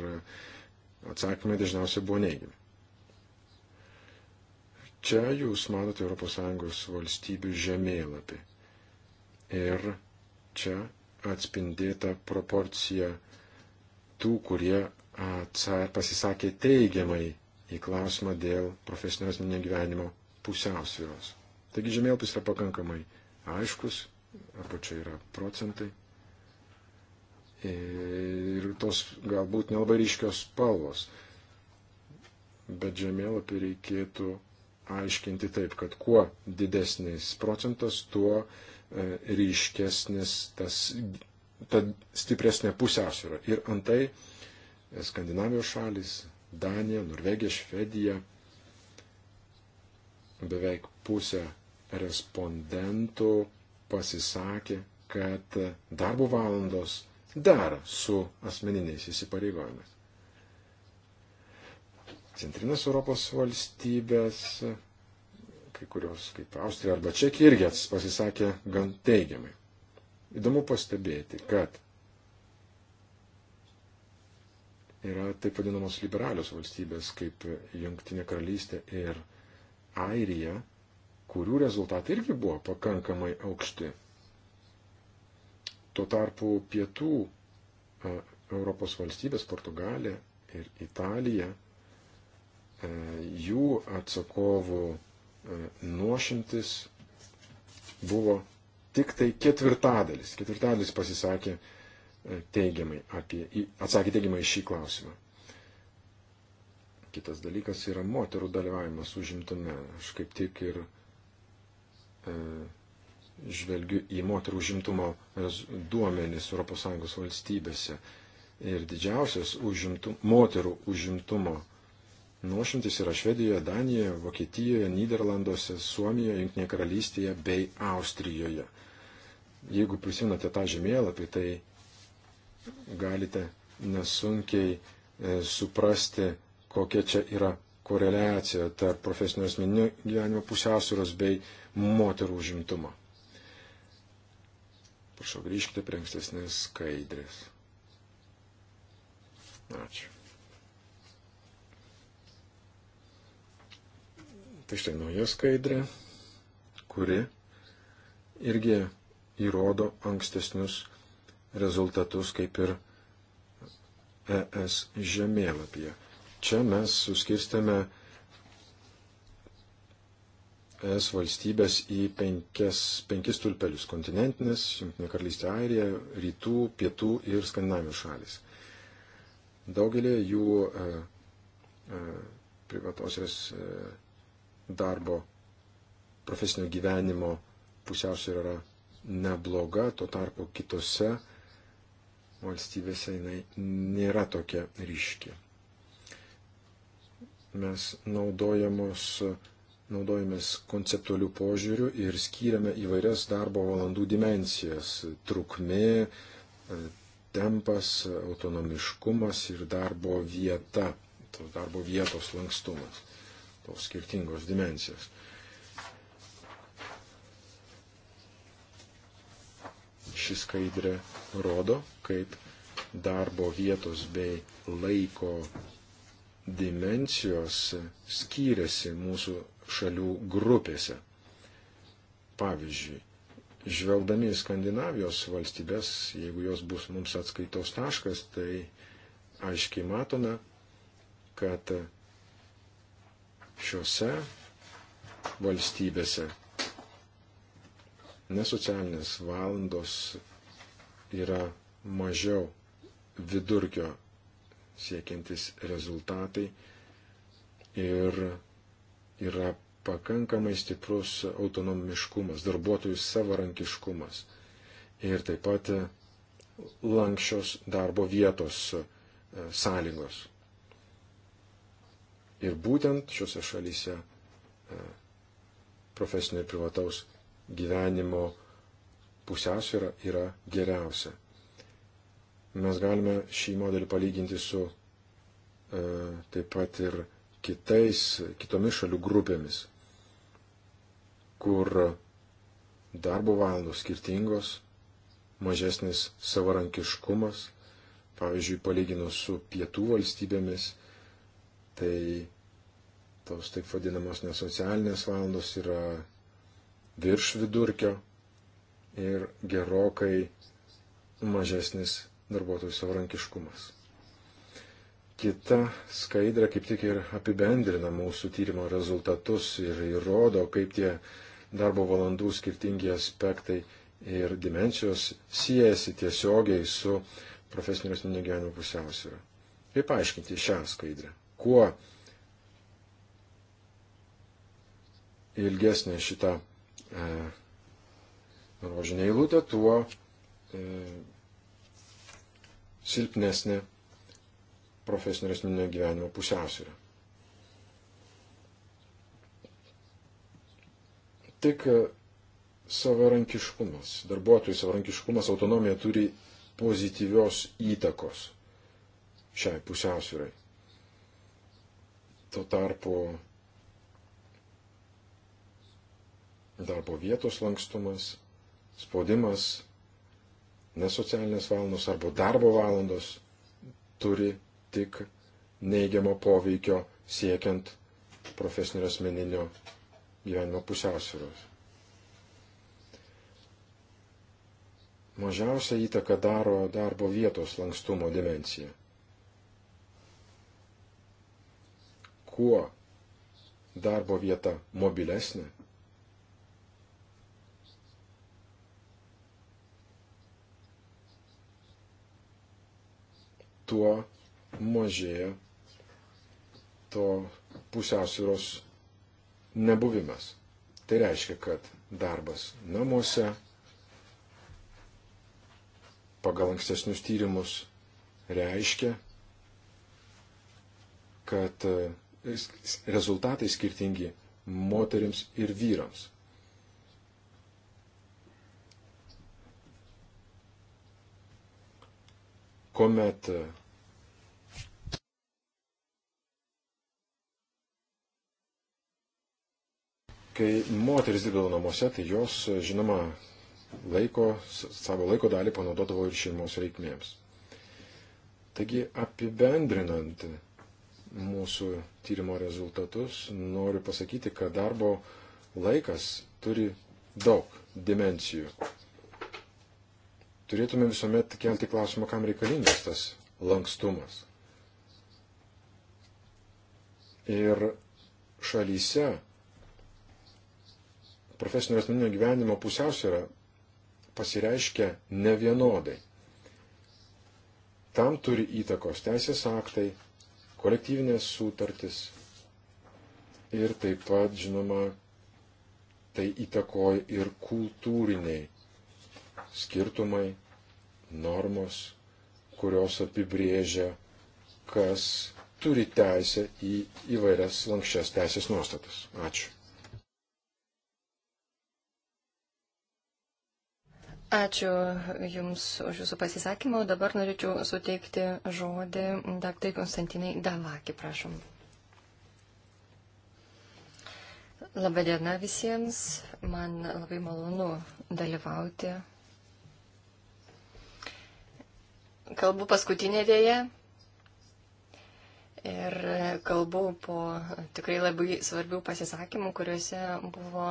atsakymai dažniausiai buvo neigiami. Čia jūs matote ES valstybių žemėlapį. Ir čia atspindėta proporcija tų, kurie atsa, pasisakė teigiamai į klausimą dėl profesinio asmeninio gyvenimo pusiausvyros. Taigi žemėlapis yra pakankamai aiškus, apačioje yra procentai, ir tos galbūt nelabai ryškios spalvos. Bet žemėlapį reikėtų aiškinti taip, kad kuo didesnis procentas, tuo e, ryškesnis tas, ta stipresnė pusiausvyrą. Ir antai e, Skandinavijos šalis, Danija, Norvegija, Švedija, beveik pusė respondentų pasisakė, kad darbo valandos dera su asmeniniais įsipareigojimais. Centrinės Europos valstybės, kai kurios kaip Austrija arba Čekija irgi pasisakė gan teigiamai. Įdomu pastebėti, kad yra taip vadinamos liberalios valstybės kaip Junktinė karalystė ir Airija, kurių rezultatai irgi buvo pakankamai aukšti. Tuo tarpu pietų e, Europos valstybės, Portugalija ir Italija, e, jų atsakovų e, nuošimtis buvo tik tai ketvirtadalis. Ketvirtadalis pasisakė teigiamai apie, atsakė teigiamai šį klausimą. Kitas dalykas yra moterų dalyvavimas užimtame. Aš kaip tik ir e, žvelgiu į moterų žimtumo duomenis ES valstybėse. Ir didžiausias užimtum, moterų užimtumo nuošimtis yra Švedijoje, Danijoje, Vokietijoje, Niderlanduose, Suomijoje, Junktinėje karalystėje bei Austrijoje. Jeigu prisimnate tą žemėlapį, tai galite nesunkiai e, suprasti, kokia čia yra koreliacija tarp profesinio asmeninio gyvenimo pusiausvėros bei moterų užimtumo. Prašau, grįžkite prie ankstesnės skaidrės. Ačiū. Tai štai nauja skaidrė, kuri irgi įrodo ankstesnius rezultatus, kaip ir ES žemėlapyje. Čia mes suskirstame es valstybės į penkias, penkis tulpelius - kontinentinės, Junktinė karalystė Airija, rytų, pietų ir Skandinavijos šalis. Daugelį jų e, e, privatosios e, darbo profesinio gyvenimo pusiausvyrą yra nebloga, tuo tarpu kitose valstybėse jinai nėra tokia ryški. Mes naudojamos e, naudojamės konceptualių požiūrių ir skiriame įvairias darbo valandų dimensijas - trukmė, e, tempas, autonomiškumas ir darbo vieta, tos darbo vietos lankstumas, tos skirtingos dimensijos. Ši skaidrė rodo, kaip darbo vietos bei laiko dimensijos skiriasi mūsų šalių grupėse. Pavyzdžiui, žvelgdami į Skandinavijos valstybės, jeigu jos bus mums atskaitos taškas, tai aiškiai matome, kad šiuose valstybėse nesocialinės valandos yra mažiau vidurkio siekiantis rezultatai ir yra pakankamai stiprus autonomiškumas, darbuotojų savarankiškumas ir taip pat e, lankščios darbo vietos e, sąlygos. Ir būtent šiuose šalyse e, profesinio ir privataus gyvenimo pusiausvėra yra geriausia. Mes galime šį modelį palyginti su taip pat ir kitais, kitomis šalių grupėmis, kur darbo valandos skirtingos, mažesnis savarankiškumas, pavyzdžiui, palyginus su pietų valstybėmis, tai tos taip vadinamos nesocialinės valandos yra virš vidurkio ir gerokai mažesnis darbuotojų savarankiškumas. Kita skaidra kaip tik ir apibendrina mūsų tyrimo rezultatus ir įrodo, kaip tie darbo valandų skirtingi aspektai ir dimensijos siejasi tiesiogiai su profesinio ir asmeninio gyvenimo pusiausvyrą. Kaip aiškinti šią skaidrę? Kuo ilgesnė šita e, rožinė eilutė, tuo e, silpnesnė profesinio ir asmeninio gyvenimo pusiausvyrą. Tik savarankiškumas, darbuotojų savarankiškumas, autonomija turi pozityvios įtakos šiai pusiausvyrai. Tuo tarpu darbo vietos lankstumas, spaudimas, nesocialinės valandos arba darbo valandos turi tik neigiamo poveikio siekiant profesinio ir asmeninio gyvenimo pusiausvėros. Mažiausia įtaka daro darbo vietos lankstumo dimencija. Kuo darbo vieta mobilesnė, tuo mažėja to pusiausvyros nebuvimas. Tai reiškia, kad darbas namuose pagal ankstesnius tyrimus reiškia, kad e, rezultatai skirtingi moteriams ir vyrams. Komet e, Kai moteris dirbdavo namuose, tai jos, žinoma, laiko, savo laiko dalį panaudodavo ir šeimos reikmėms. Taigi, apibendrinant mūsų tyrimo rezultatus, noriu pasakyti, kad darbo laikas turi daug dimensijų. Turėtume visuomet kelti klausimą, kam reikalingas tas lankstumas. Ir šalyse, profesinio ir asmeninio gyvenimo pusiausvėra pasireiškia nevienodai. Tam turi įtakos teisės aktai, kolektyvinės sutartis ir taip pat, žinoma, tai įtakoja ir kultūriniai skirtumai, normos, kurios apibrėžia, kas turi teisę į įvairias lankščias teisės nuostatas. Ačiū. Ačiū Jums už Jūsų pasisakymą. Dabar norėčiau suteikti žodį daktai Konstantinai Davaki, prašom. Labadiena visiems. Man labai malonu dalyvauti. Kalbu paskutinė dėja, Ir kalbu po tikrai labai svarbių pasisakymų, kuriuose buvo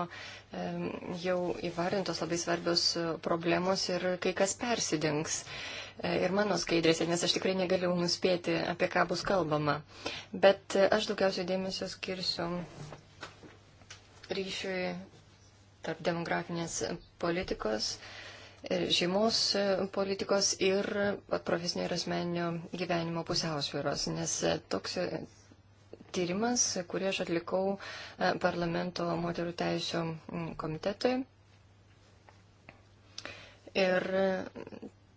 jau įvardintos labai svarbios problemos ir kai kas persidengs. E, ir mano skaidrėse, nes aš tikrai negaliu nuspėti, apie ką bus kalbama. Bet aš daugiausiai dėmesio skirsiu ryšiui tarp demografinės politikos, uh, šeimos e, politikos ir e, profesinio ir asmeninio gyvenimo pusiausvėros, nes e, toks tyrimas, kurį aš atlikau parlamento moterų teisų komitetui. Ir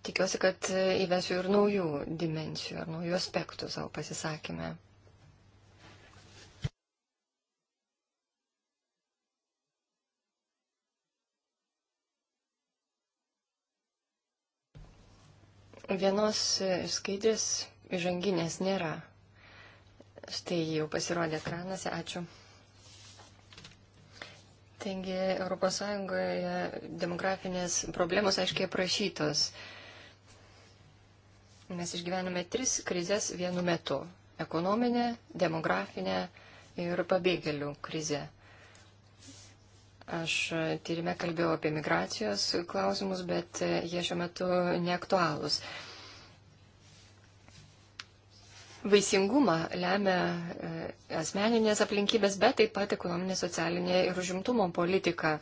tikiuosi, kad įvesiu ir naujų dimensijų, ir naujų aspektų savo pasisakymę. Vienos skaidrės įžanginės nėra. Štai jau pasirodė ekranuose, ačiū. Taigi ES demografinės problemos aiškiai aprašytos. Mes išgyvename tris krizės vienu metu - ekonominę, demografinę ir pabėgėlių krizę. Aš e, tyrime kalbėjau apie migracijos klausimus, bet e, jie šiuo metu neaktualūs. Vaisingumą lemia e, asmeninės aplinkybės, bet taip pat ekonominė, socialinė ir užimtumo politika.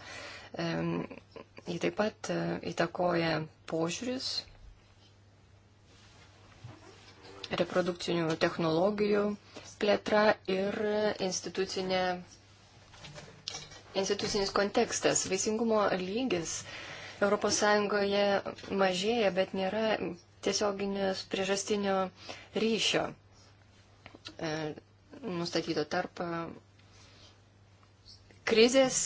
Jį taip pat įtakoja požiūris reprodukcinių technologijų plėtra ir institucinė institucinis kontekstas. Vaisingumo lygis ES mažėja, bet nėra tiesioginės priežastinio ryšio e, nustatyto tarp e, krizės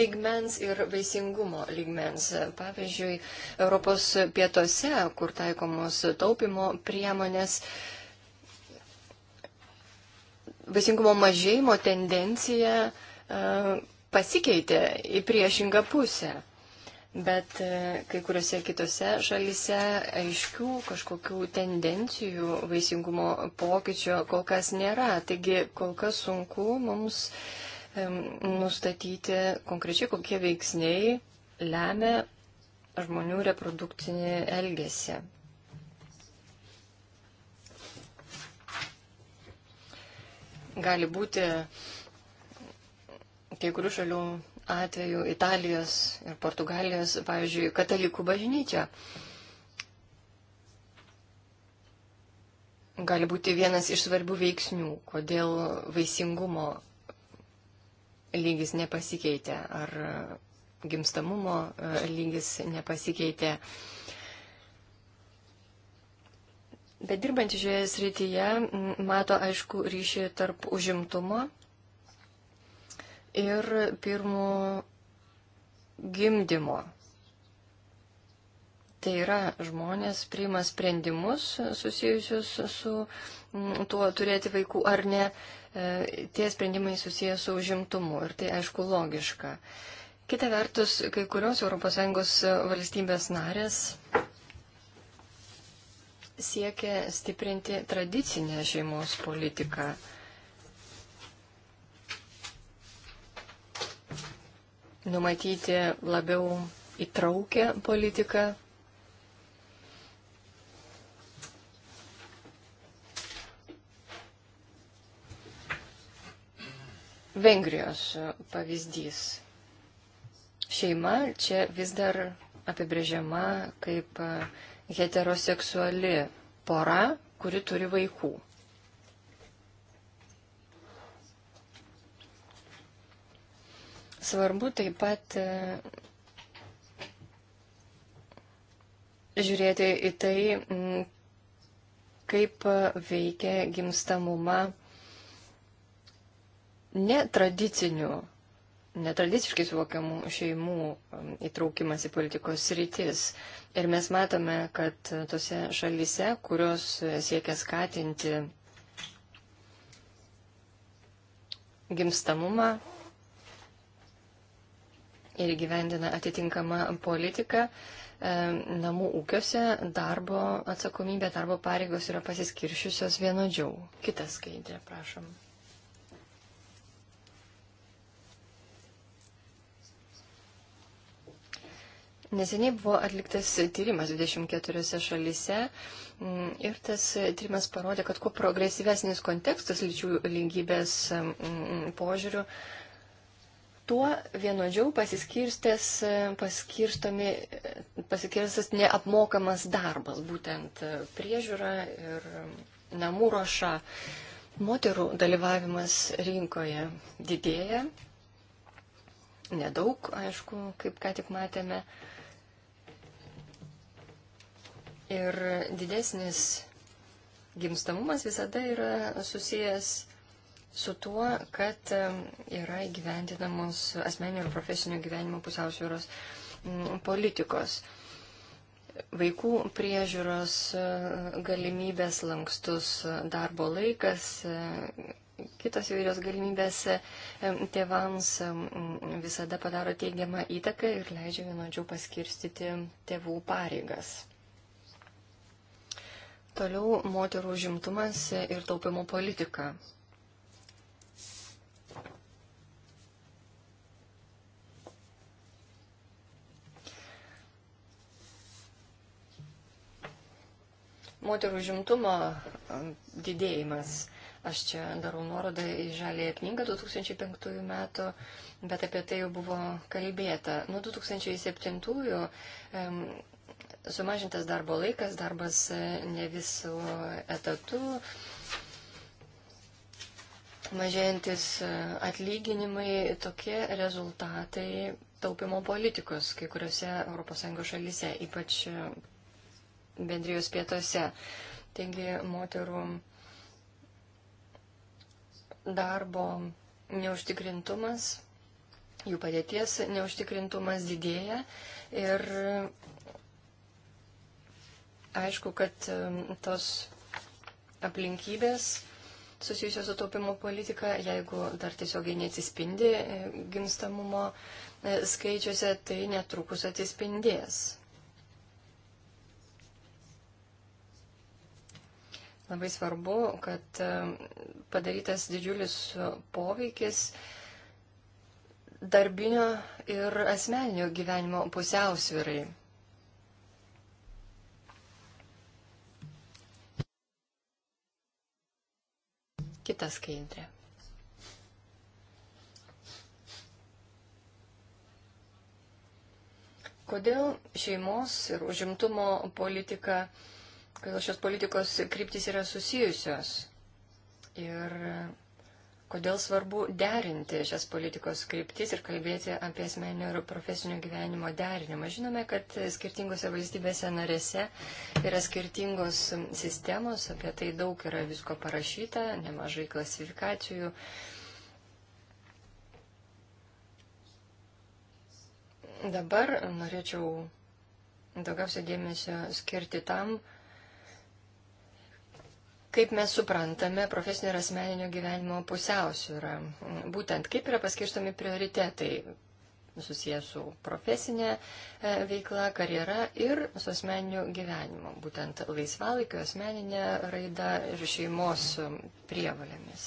ligmens ir vaisingumo ligmens. Pavyzdžiui, Europos pietuose, kur taikomos taupimo priemonės, vaisingumo mažėjimo tendencija e, pasikeitė į priešingą pusę. Bet e, kai kuriuose kitose šalise aiškių kažkokių tendencijų vaisingumo pokyčio kol kas nėra. Taigi kol kas sunku mums nustatyti konkrečiai, kokie veiksniai lemia žmonių reprodukcinį elgesį. Gali būti kai kurių šalių atveju Italijos ir Portugalijos, pavyzdžiui, katalikų bažnyčia. Gali būti vienas iš svarbių veiksnių, kodėl vaisingumo lygis nepasikeitė ar gimstamumo e, lygis nepasikeitė. Bet dirbantys šioje srityje mato aišku ryšį tarp užimtumo ir pirmo gimdymo. Tai yra žmonės priima sprendimus susijusius su mm, tuo turėti vaikų ar ne. E, tie sprendimai susijęs su užimtumu ir tai aišku logiška. Kita vertus, kai kurios ES valstybės narės siekia stiprinti tradicinę šeimos politiką. numatyti labiau įtraukę politiką. Vengrijos pavyzdys. Šeima čia vis dar apibrėžiama kaip heteroseksuali pora, kuri turi vaikų. Svarbu taip pat e, žiūrėti į tai, kaip veikia gimstamumą netradicinių, netradiciškai suvokiamų šeimų įtraukimas į politikos rytis. Ir mes matome, kad tose šalyse, kurios siekia skatinti gimstamumą, ir gyvendina atitinkamą politiką. E, namų ūkiuose darbo atsakomybė, darbo pareigos yra pasiskiršiusios vienodžiau. Kita skaidrė, prašom. Neseniai buvo atliktas tyrimas 24 šalyse mm, ir tas tyrimas parodė, kad kuo progresyvesnis kontekstas lyčių lygybės mm, požiūrių, tuo vienodžiau pasiskirstęs, paskirstomi, pasiskirstas neapmokamas darbas, būtent priežiūra ir namų ruoša. Moterų dalyvavimas rinkoje didėja, nedaug, aišku, kaip ką tik matėme. Ir didesnis gimstamumas visada yra susijęs su tuo, kad yra įgyvendinamos asmeninio ir profesinio gyvenimo pusiausvėros politikos. Vaikų priežiūros e, galimybės, lankstus e, darbo laikas, e, kitos įvairios galimybės tėvams visada padaro teigiamą įtaką ir leidžia vienodžiau paskirstyti tėvų pareigas. Toliau moterų žimtumas ir taupimo politika. moterų žimtumo didėjimas. Aš čia darau nuorodą į žalėje knygą 2005 metų, bet apie tai jau buvo kalbėta. Nuo 2007 sumažintas darbo laikas, darbas e, ne visų etatų, mažėjantis e, atlyginimai, tokie rezultatai taupimo politikos kai kuriuose ES šalyse, ypač bendrijos pietuose. Taigi moterų darbo neužtikrintumas, jų padėties neužtikrintumas didėja ir aišku, kad tos aplinkybės susijusios su taupimo politika, jeigu dar tiesiogiai neatsispindi e, gimstamumo e, skaičiuose, tai netrukus atsispindės. Labai svarbu, kad e, padarytas didžiulis poveikis darbinio ir asmeninio gyvenimo pusiausvirai. Kita skaidrė. Kodėl šeimos ir užimtumo politika kodėl šios politikos kryptis yra susijusios ir kodėl svarbu derinti šias politikos kryptis ir kalbėti apie asmeninio ir profesinio gyvenimo derinimą. Žinome, kad skirtingose valstybėse narėse yra skirtingos sistemos, apie tai daug yra visko parašyta, nemažai klasifikacijų. Dabar norėčiau daugiausia dėmesio skirti tam, kaip mes suprantame profesinio ir asmeninio gyvenimo pusiausvyrą. Būtent kaip yra paskirstomi prioritetai susijęs su profesinė e, veikla, karjera ir su asmeniniu gyvenimu. Būtent laisvalaikio asmeninė raida ir šeimos e, prievalėmis.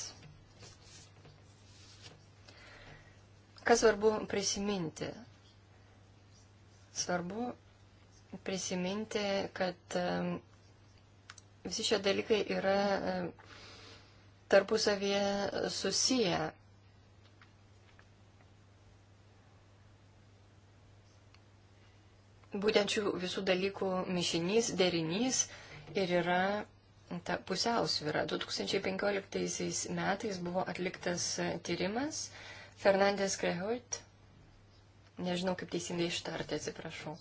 Kas svarbu prisiminti? Svarbu prisiminti, kad e, Visi šie dalykai yra e, tarpusavėje susiję. Būtent šių visų dalykų mišinys, derinys ir yra ta pusiausvyra. 2015 metais buvo atliktas tyrimas Fernandės Krehoit, nežinau kaip teisingai ištarti, atsiprašau.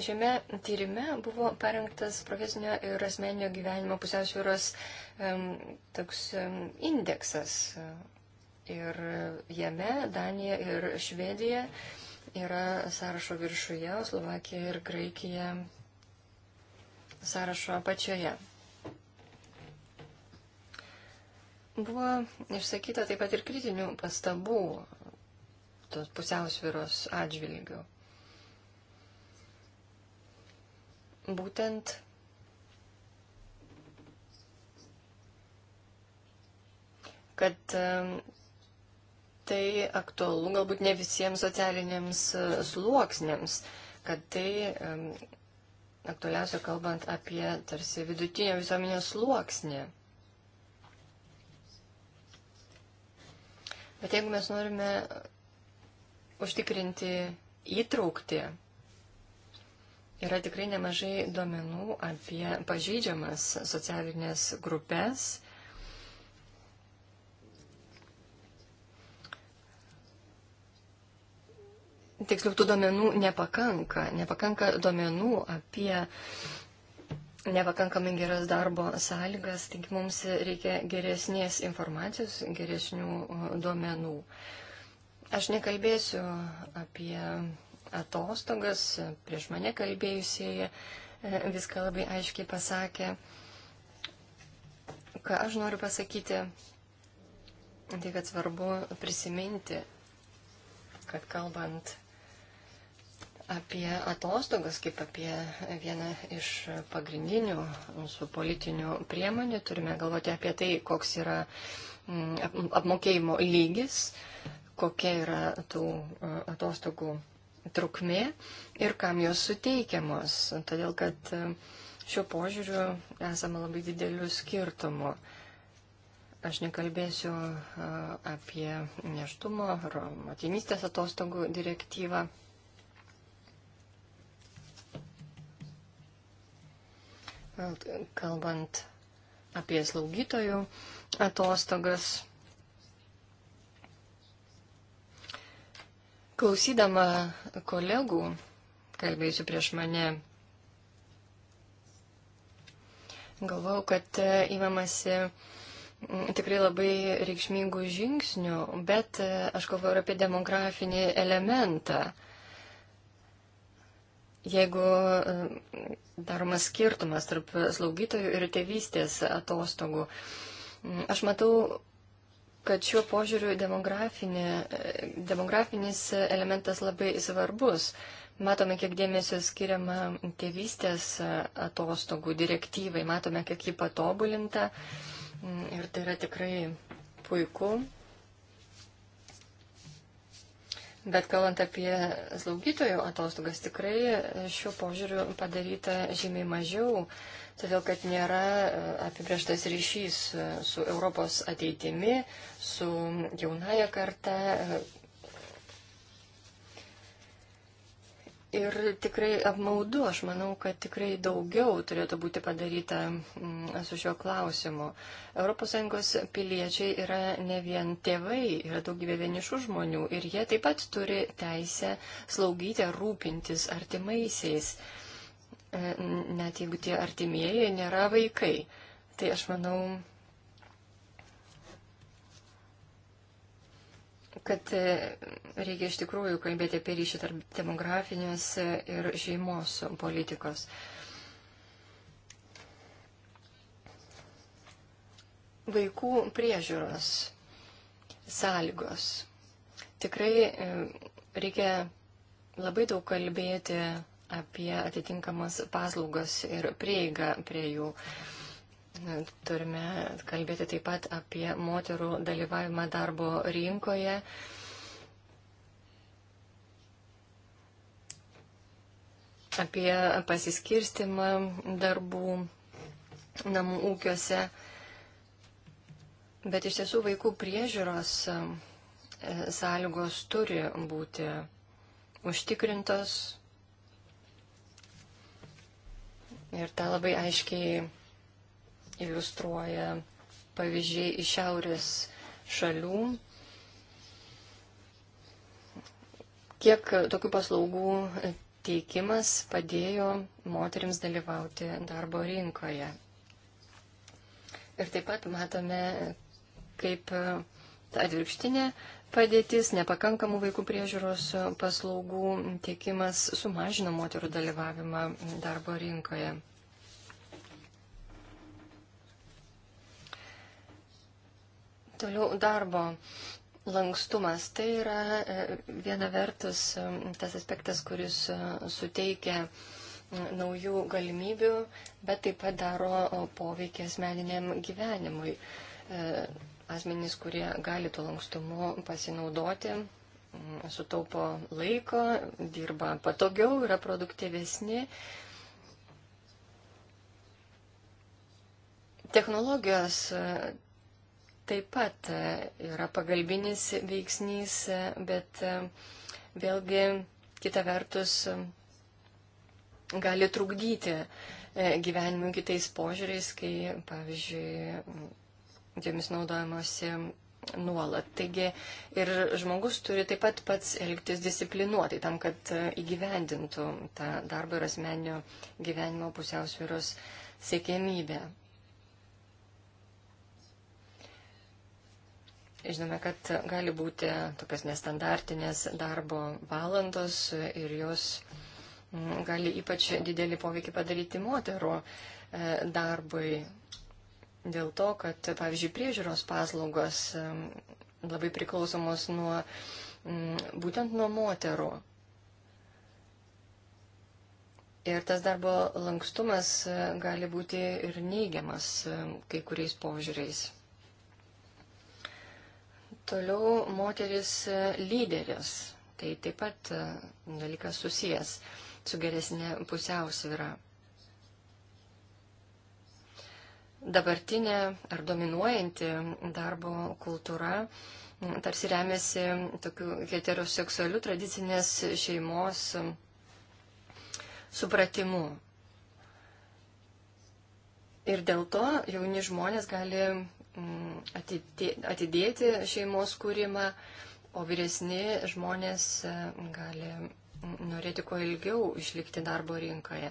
Šiame tyrime buvo parengtas profesinio ir asmeninio gyvenimo pusiausvėros um, toks um, indeksas. Ir jame Danija ir Švedija yra sąrašo viršuje, o Slovakija ir Graikija sąrašo apačioje. Buvo išsakyta taip pat ir kritinių pastabų tos pusiausviros atžvilgių. būtent kad tai aktualu galbūt ne visiems socialiniams e, sluoksniams, kad tai aktualiausia kalbant apie tarsi vidutinio visuomenės sluoksnį. Bet jeigu mes norime užtikrinti įtraukti Yra tikrai nemažai duomenų apie pažeidžiamas socialinės grupės. Tiksliau, tų duomenų nepakanka. Nepakanka duomenų apie nepakankamai geras darbo sąlygas, tik mums reikia geresnės informacijos, geresnių duomenų. Aš nekalbėsiu apie atostogas, prieš mane kalbėjusieji e, viską labai aiškiai pasakė. Ką aš noriu pasakyti, tai kad svarbu prisiminti, kad kalbant apie atostogas kaip apie vieną iš pagrindinių mūsų politinių priemonių, turime galvoti apie tai, koks yra mm, apmokėjimo lygis, kokia yra tų e, atostogų trukmė ir kam jos suteikiamos. Todėl, kad e, šiuo požiūriu esame labai didelių skirtumų. Aš nekalbėsiu e, apie neštumo ar motinystės atostogų direktyvą. Kalbant apie slaugytojų atostogas, Klausydama kolegų, kalbėjusių prieš mane, galvau, kad įmamasi e, tikrai labai reikšmingų žingsnių, bet e, aš galvoju ir apie demografinį elementą. Jeigu e, daromas skirtumas tarp slaugytojų ir tėvystės atostogų, aš matau kad šiuo požiūriu demografinis elementas labai svarbus. Matome, kiek dėmesio skiriama tėvystės atostogų direktyvai, matome, kiek ji patobulinta ir tai yra tikrai puiku. Bet kalbant apie slaugytojų atostogas, tikrai šiuo požiūriu padaryta žymiai mažiau, todėl kad nėra e, apibrieštas ryšys e, su Europos ateitimi, su jaunaja karta, e, Ir tikrai apmaudu, aš manau, kad tikrai daugiau turėtų būti padaryta mm, su šiuo klausimu. ES piliečiai yra ne vien tėvai, yra daugybė vienišų žmonių ir jie taip pat turi teisę slaugyti ar rūpintis artimaisiais, e, net jeigu tie artimieji nėra vaikai. Tai aš manau, kad e, reikia iš tikrųjų kalbėti apie ryšį tarp demografinės ir šeimos politikos. Vaikų priežiūros sąlygos. Tikrai e, reikia labai daug kalbėti apie atitinkamas paslaugas ir prieigą prie jų. Uh, Turime kalbėti taip pat apie moterų dalyvavimą darbo rinkoje. apie pasiskirstimą darbų namų ūkiuose. Bet iš tiesų vaikų priežiūros e, sąlygos turi būti užtikrintos. Ir tą labai aiškiai iliustruoja pavyzdžiai iš šiaurės šalių. Kiek tokių paslaugų teikimas padėjo moteriams dalyvauti darbo rinkoje. Ir taip pat matome, kaip ta atvirkštinė padėtis, nepakankamų vaikų priežiūros paslaugų tiekimas sumažino moterų dalyvavimą darbo rinkoje. Toliau darbo lankstumas. Tai yra e, viena vertus e, tas aspektas, kuris e, suteikia naujų galimybių, bet taip pat daro poveikį asmeniniam gyvenimui. Asmenys, kurie gali tuo lankstumu pasinaudoti, sutaupo laiko, dirba patogiau, yra produktyvesni. Technologijos taip pat e, yra pagalbinis veiksnys, e, bet e, vėlgi kita vertus gali trukdyti gyvenimui kitais požiūriais, kai, pavyzdžiui, jomis naudojamosi nuolat. Taigi ir žmogus turi taip pat pats elgtis disciplinuotai tam, kad įgyvendintų tą darbo ir asmenio gyvenimo pusiausvėros siekėmybę. Žinome, kad gali būti tokios nestandartinės darbo valandos ir jos mm, gali ypač didelį poveikį padaryti moterų e, darbui. Dėl to, kad, pavyzdžiui, priežiūros paslaugos mm, labai priklausomos nuo, mm, būtent nuo moterų. Ir tas darbo lankstumas e, gali būti ir neigiamas e, kai kuriais požiūriais. Toliau moteris lyderis. Tai taip pat e, dalykas susijęs su geresnė pusiausvyra. Dabartinė ar dominuojanti darbo kultūra tarsi remiasi tokiu heteroseksualiu tradicinės šeimos supratimu. Ir dėl to jauni žmonės gali Mm, atidėti šeimos kūrimą, o vyresni žmonės e, gali mm, norėti kuo ilgiau išlikti darbo rinkoje.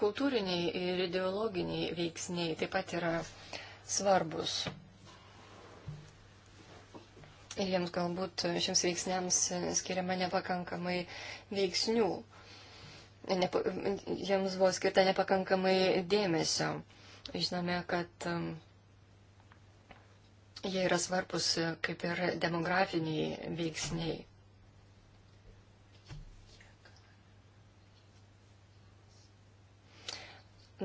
Kultūriniai ir ideologiniai veiksniai taip pat yra svarbus. Ir jiems galbūt šiems veiksniams skiriama nepakankamai veiksnių nepa, jiems buvo skirta nepakankamai dėmesio. Žinome, kad um, jie yra svarbus e, kaip ir demografiniai veiksniai.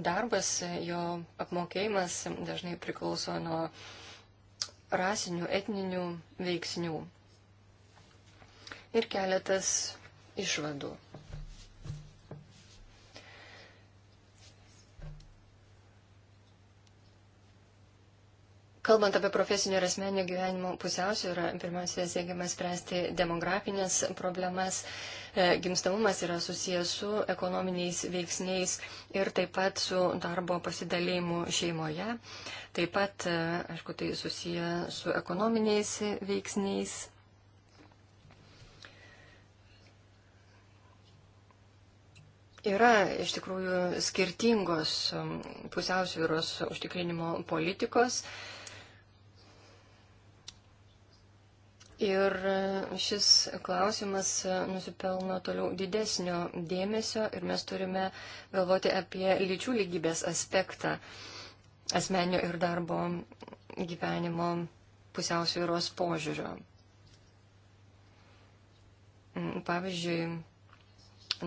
Darbas, e, jo apmokėjimas dažnai priklauso nuo rasinių, etninių veiksnių. Ir keletas išvadų. Kalbant apie profesinio ir asmeninio gyvenimo pusiausvyrą, pirmiausia, siekiama spręsti demografinės problemas. E, gimstamumas yra susijęs su ekonominiais veiksniais ir taip pat su darbo pasidalėjimu šeimoje. Taip pat, e, aišku, tai susiję su ekonominiais veiksniais. Yra iš tikrųjų skirtingos pusiausvyros užtikrinimo politikos. Uh, Ir šis klausimas nusipelno toliau didesnio dėmesio ir mes turime galvoti apie lyčių lygybės aspektą asmenio ir darbo gyvenimo pusiausvyros požiūrio. Pavyzdžiui,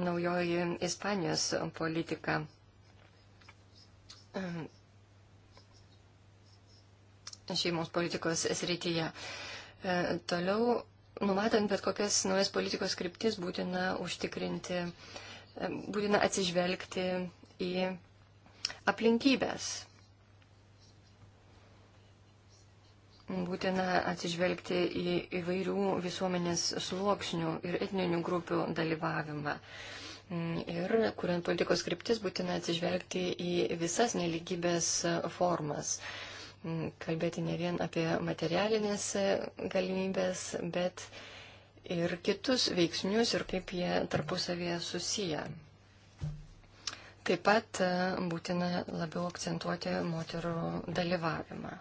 naujoji Ispanijos politika šeimos politikos srityje. E, toliau, numatant bet kokias naujas politikos kryptis, būtina užtikrinti, e, būtina atsižvelgti į aplinkybės. Būtina atsižvelgti į įvairių visuomenės sluoksnių ir etninių grupių dalyvavimą. Mm, ir kuriant politikos kryptis, būtina atsižvelgti į visas neligybės formas kalbėti ne vien apie materialinės galimybės, bet ir kitus veiksnius ir kaip jie tarpusavėje susiję. Taip pat e, būtina labiau akcentuoti moterų dalyvavimą.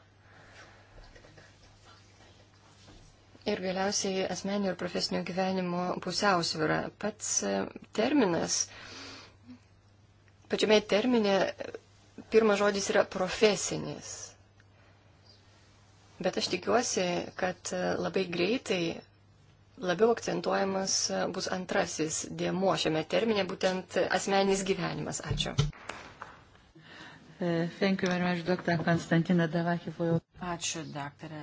Ir galiausiai asmenio ir profesinio gyvenimo pusiausvyrą. Pats e, terminas, pačiame terminė pirmas žodis yra profesinis. Bet aš tikiuosi, kad labai greitai labiau akcentuojamas bus antrasis dėmuo šiame terminė, būtent asmeninis gyvenimas. Ačiū. E, thank you very much, Dr. Konstantina Davaki, for your... Ačiū, dr.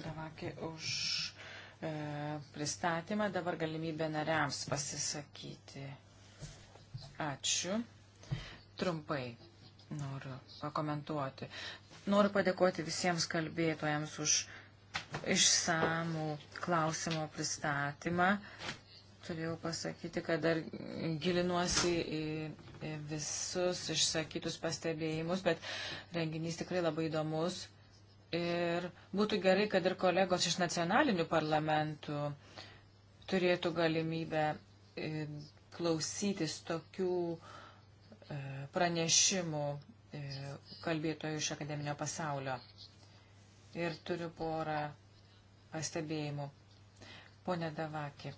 Davaki, už e, pristatymą. Dabar galimybė nariams pasisakyti. Ačiū. Trumpai noriu pakomentuoti. Noriu padėkoti visiems kalbėtojams už išsamų klausimo pristatymą. Turėjau pasakyti, kad dar gilinuosi į visus išsakytus pastebėjimus, bet renginys tikrai labai įdomus. Ir būtų gerai, kad ir kolegos iš nacionalinių parlamentų turėtų galimybę e, klausytis tokių e, pranešimų E, kalbėtojų iš akademinio pasaulio. Ir turiu porą pastebėjimų. Pone Davaki.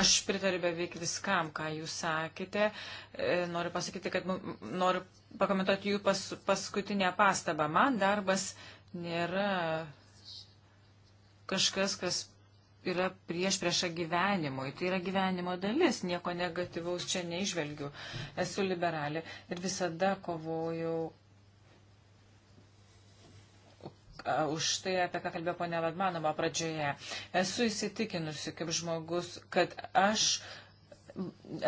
Aš pritariu beveik viskam, ką jūs sakėte. E, noriu pasakyti, kad noriu pakomentuoti jų pas, paskutinę pastabą. Man darbas nėra kažkas, kas yra prieš priešą gyvenimui. Tai yra gyvenimo dalis, nieko negatyvaus čia neižvelgiu. Esu liberalė ir visada kovojau už tai, apie ką kalbėjo ponia Vadmanoma pradžioje. Esu įsitikinusi kaip žmogus, kad aš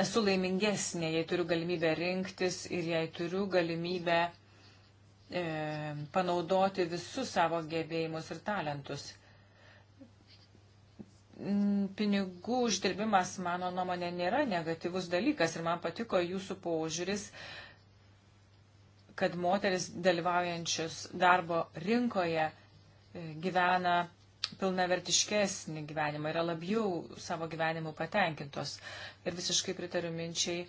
esu laimingesnė, jei turiu galimybę rinktis ir jei turiu galimybę e, panaudoti visus savo gebėjimus ir talentus. Mm, pinigų uždirbimas, mano nuomonė, nėra negatyvus dalykas ir man patiko jūsų požiūris, kad moteris dalyvaujančius darbo rinkoje e, gyvena pilnavertiškesnį gyvenimą, yra labiau savo gyvenimu patenkintos. Ir visiškai pritariu minčiai,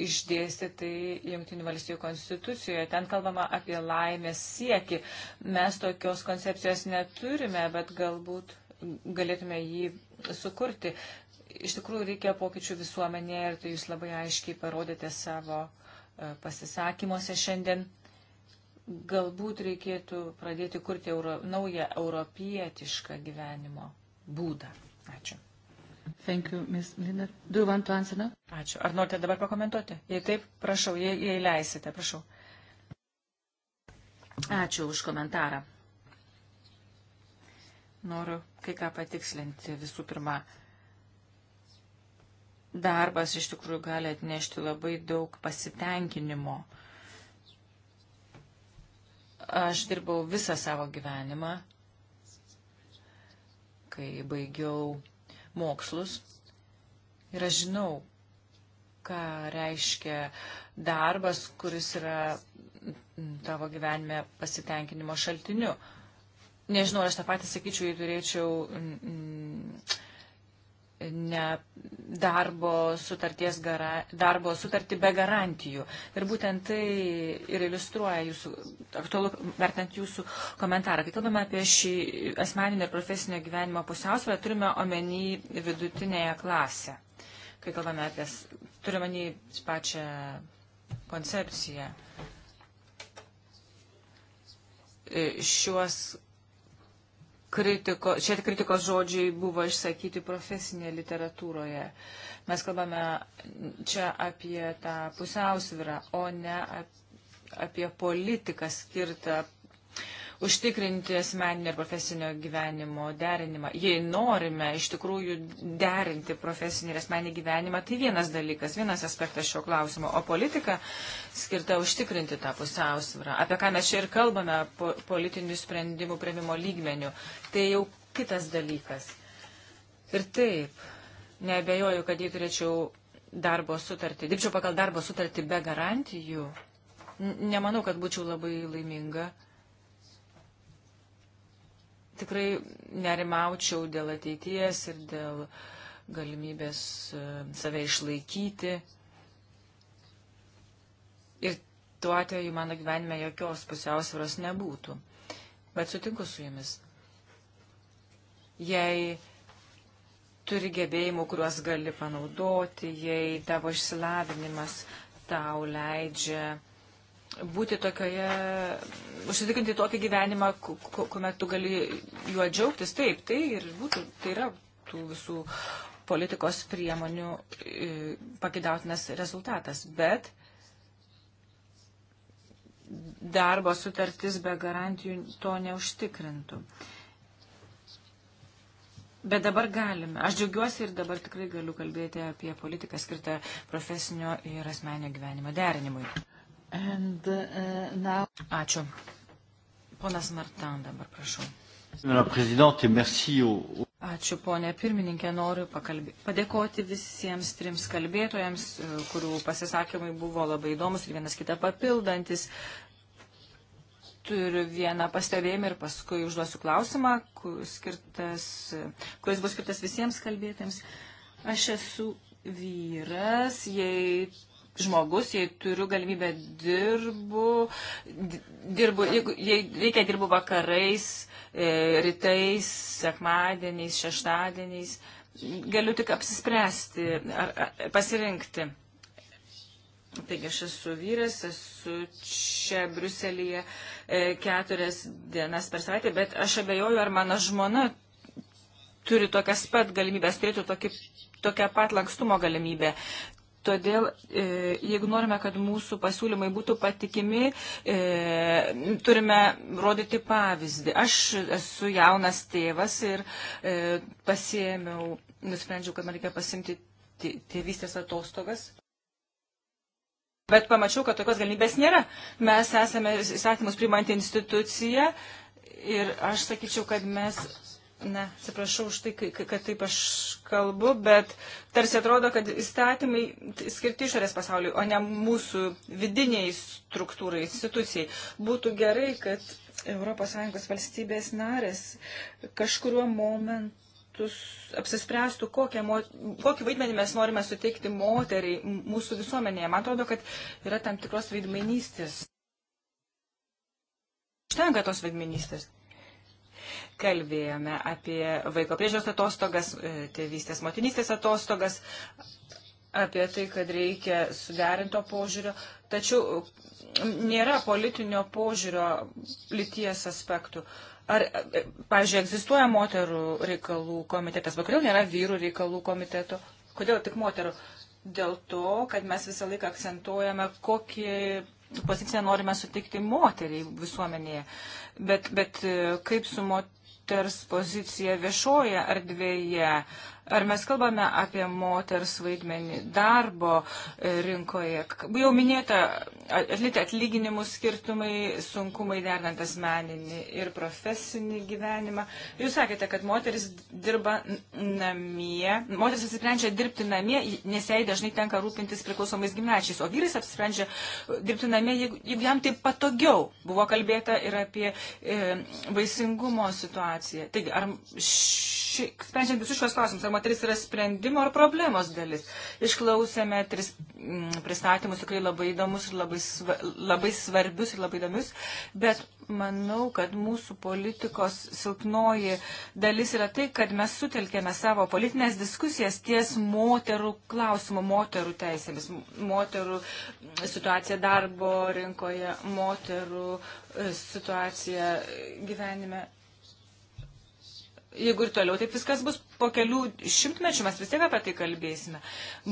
išdėsti tai Junktinių valstybių konstitucijoje. Ten kalbama apie laimės sieki. Mes tokios koncepcijos neturime, bet galbūt galėtume jį sukurti. Iš tikrųjų reikia pokyčių visuomenėje ir tai jūs labai aiškiai parodėte savo e, pasisakymuose šiandien. Galbūt reikėtų pradėti kurti euro, naują europietišką gyvenimo būdą. Ačiū. Thank you, Ms. Linder. Do you want to answer now? Ačiū. Ar norite dabar pakomentuoti? Jei taip, prašau, jei, jei leisite, prašau. Ačiū už komentarą. Noriu kai ką patikslinti visų pirma. Darbas iš tikrųjų gali atnešti labai daug pasitenkinimo. Aš dirbau visą savo gyvenimą, kai baigiau mokslus ir aš žinau, ką reiškia darbas, kuris yra tavo gyvenime pasitenkinimo šaltiniu. Nežinau, aš tą patį sakyčiau, jei turėčiau. Mm, ne darbo, gara, darbo sutartį be garantijų. Ir būtent tai ir iliustruoja jūsų, aktualu vertinant jūsų komentarą. Kai kalbame apie šį asmeninio ir profesinio gyvenimo pusiausvę, turime omeny vidutinėje klasę. Kai kalbame apie, turime omeny pačią koncepciją. E, šiuos kritiko, šie kritikos žodžiai buvo išsakyti profesinėje literatūroje. Mes kalbame čia apie tą pusiausvyrą, o ne apie politiką skirtą užtikrinti asmeninio ir profesinio gyvenimo derinimą. Jei norime iš tikrųjų derinti profesinį ir asmeninį gyvenimą, tai vienas dalykas, vienas aspektas šio klausimo, o politika skirta užtikrinti tą pusiausvyrą, apie ką mes čia ir kalbame po, politinių sprendimų prieimimo lygmenių. Tai jau kitas dalykas. Ir taip, nebejoju, kad jei turėčiau darbo sutartį, dirbčiau pagal darbo sutartį be garantijų, nemanau, kad būčiau labai laiminga tikrai nerimaučiau dėl ateities ir dėl galimybės e, save išlaikyti. Ir tuo atveju mano gyvenime jokios pusiausvėros nebūtų. Bet sutinku su jumis. Jei turi gebėjimų, kuriuos gali panaudoti, jei tavo išsilavinimas tau leidžia būti tokioje, užsitikrinti tokį gyvenimą, kuomet tu gali juo džiaugtis. Taip, tai ir būtų, tai yra tų visų politikos priemonių e, pakidautinas rezultatas. Bet darbo sutartis be garantijų to neužtikrintų. Bet dabar galime. Aš džiaugiuosi ir dabar tikrai galiu kalbėti apie politiką skirtą profesinio ir asmenio gyvenimo derinimui. And, uh, now... Ačiū. Ponas Martan dabar, prašau. Ačiū, ponė pirmininkė, noriu pakalbė... padėkoti visiems trims kalbėtojams, e, kurių pasisakymai buvo labai įdomus ir vienas kitą papildantis. Turiu vieną pastebėjimą ir paskui užduosiu klausimą, kuris, skirtas, kuris bus skirtas visiems kalbėtėms. Aš esu vyras, jei žmogus, jei turiu galimybę dirbu, dirbu jeigu, jei reikia dirbu vakarais, e, rytais, sekmadieniais, šeštadieniais. Galiu tik apsispręsti, ar, ar pasirinkti. Taigi aš esu vyras, esu čia Bruselėje e, keturias dienas per savaitę, bet aš abejoju, ar mano žmona turi tokias pat galimybės, turėtų tokį, tokią pat lankstumo galimybę. Todėl, e, jeigu norime, kad mūsų pasiūlymai būtų patikimi, e, turime rodyti pavyzdį. Aš esu jaunas tėvas ir e, pasiėmiau, nusprendžiau, kad man reikia pasimti tėvystės atostogas. Bet pamačiau, kad tokios galimybės nėra. Mes esame įstatymus primanti institucija ir aš sakyčiau, kad mes na, atsiprašau už tai, kad taip aš kalbu, bet tarsi atrodo, kad įstatymai skirti išorės pasauliui, o ne mūsų vidiniai struktūrai, institucijai. Būtų gerai, kad ES valstybės narės kažkuriuo momentu apsispręstų, mo, kokį vaidmenį mes norime suteikti moteriai mūsų visuomenėje. Man atrodo, kad yra tam tikros vaidmenystės. Užtenka tos vaidmenystės. Kalbėjome apie vaiko priežiūros atostogas, e, tėvystės motinystės atostogas, apie tai, kad reikia suderinto požiūrio, tačiau nėra politinio požiūrio lyties aspektų. Ar, e, pažiūrėjau, egzistuoja moterų reikalų komitetas, bet kodėl nėra vyrų reikalų komiteto? Kodėl tik moterų? Dėl to, kad mes visą laiką akcentuojame, kokį poziciją norime sutikti moteriai visuomenėje. Bet, bet e, kaip su moteriai? moters poziciją viešoje erdvėje. Ar mes kalbame apie moters vaidmenį darbo e, rinkoje? Jau minėta, atlyginimų skirtumai, sunkumai dernant asmeninį ir profesinį gyvenimą. Jūs sakėte, kad moteris dirba namie, moteris apsisprendžia dirbti namie, nes jai dažnai tenka rūpintis priklausomais gimnačiais, o vyras apsisprendžia e, dirbti namie, jeigu, jeigu jam tai patogiau. Buvo kalbėta ir apie e, vaisingumo situaciją. Taigi, ar ši, sprendžiant visus šios klausimus, moteris yra sprendimo ar problemos dalis. Išklausėme tris mm, pristatymus, tikrai labai įdomus ir labai, sva, labai svarbius ir labai įdomius, bet manau, kad mūsų politikos silpnoji dalis yra tai, kad mes sutelkėme savo politinės diskusijas ties moterų klausimų, moterų teisėmis, moterų situacija darbo rinkoje, moterų e, situacija gyvenime jeigu ir toliau taip viskas bus, po kelių šimtmečių mes vis tiek apie tai kalbėsime.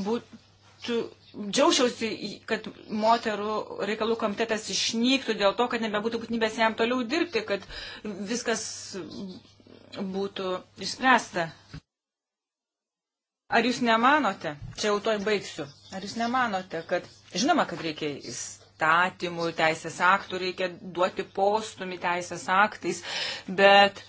Būtų, džiaugiausi, kad moterų reikalų komitetas išnyktų dėl to, kad nebebūtų būtinybės jam toliau dirbti, kad viskas būtų išspręsta. Ar jūs nemanote, čia jau toj baigsiu, ar jūs nemanote, kad žinoma, kad reikia įstatymų, teisės aktų, reikia duoti postumį teisės aktais, bet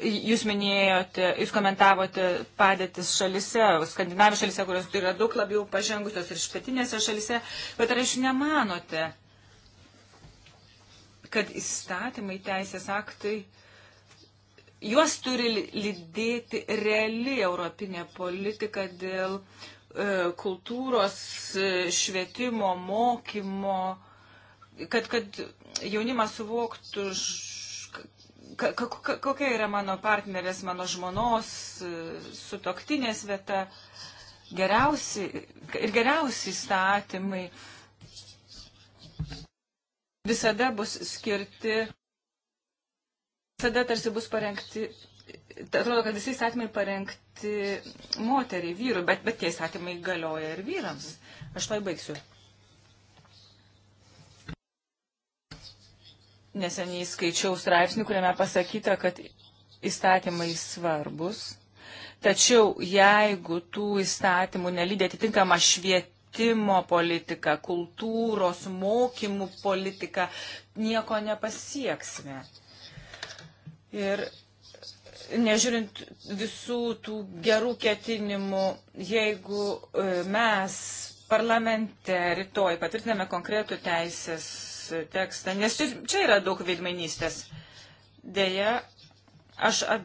Jūs minėjote, jūs komentavote padėtis šalise, Skandinavijos šalise, kurios yra daug labiau pažengusios ir špetinėse šalise, bet ar jūs nemanote, kad įstatymai, teisės aktai, juos turi lydėti reali europinė politika dėl e, kultūros, e, švietimo, mokymo, kad, kad jaunimas suvoktų ž kokia yra mano partnerės, mano žmonos, e, sutoktinės vieta. Geriausi ir geriausi įstatymai visada bus skirti, visada tarsi bus parengti, atrodo, kad visi įstatymai parengti moteriai, vyrui, bet, bet tie įstatymai galioja ir vyrams. Aš to įbaigsiu. Neseniai skaičiau straipsnį, kuriame pasakyta, kad įstatymai svarbus. Tačiau jeigu tų įstatymų nelydė atitinkama švietimo politika, kultūros, mokymų politika, nieko nepasieksime. Ir nežiūrint visų tų gerų ketinimų, jeigu e, mes parlamente rytoj patvirtiname konkretų teisės tekstą, nes čia, čia yra daug veidmainystės. Deja, aš ab,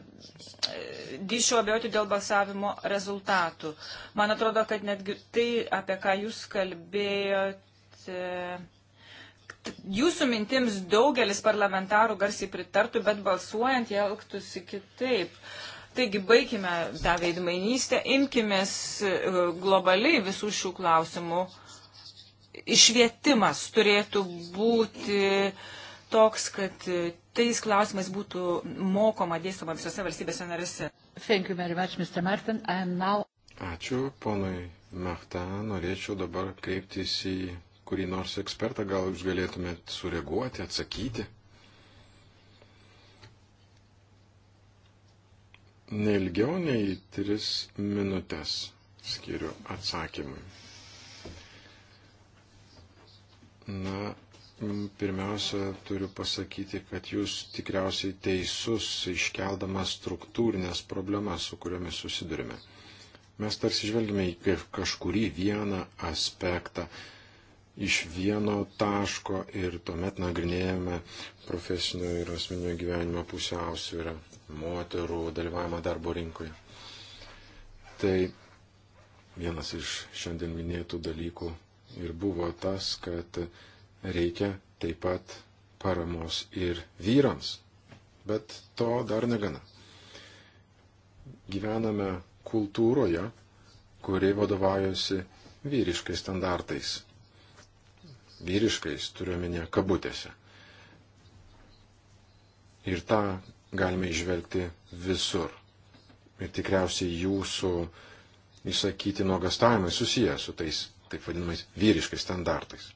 dyšiu abejoti dėl balsavimo rezultatų. Man atrodo, kad netgi tai, apie ką jūs kalbėjote, jūsų mintims daugelis parlamentarų garsiai pritartų, bet balsuojant jie elgtųsi kitaip. Taigi baigime tą veidmainystę, imkimės e, globaliai visų šių klausimų išvietimas turėtų būti toks, kad tais klausimais būtų mokoma dėstoma visose valstybėse narėse. Now... Ačiū, ponui Mehta. Norėčiau dabar kreiptis į kurį nors ekspertą. Gal jūs galėtumėt sureaguoti, atsakyti? Neilgiau nei tris minutės skiriu atsakymui. Na, pirmiausia, turiu pasakyti, kad jūs tikriausiai teisus iškeldamas struktūrinės problemas, su kuriomis susidurime. Mes tarsi žvelgime į kažkurį vieną aspektą iš vieno taško ir tuomet nagrinėjame profesinio ir asmeninio gyvenimo pusiausvyrą moterų dalyvavimą darbo rinkoje. Tai vienas iš šiandien minėtų dalykų ir buvo tas, kad reikia taip pat paramos ir vyrams. Bet to dar negana. Gyvename kultūroje, kuri vadovaujasi vyriškais standartais. Vyriškais turiuomenė kabutėse. Ir tą galime išvelgti visur. Ir tikriausiai jūsų įsakyti nuogastavimai susiję su tais taip vadinamais vyriškais standartais.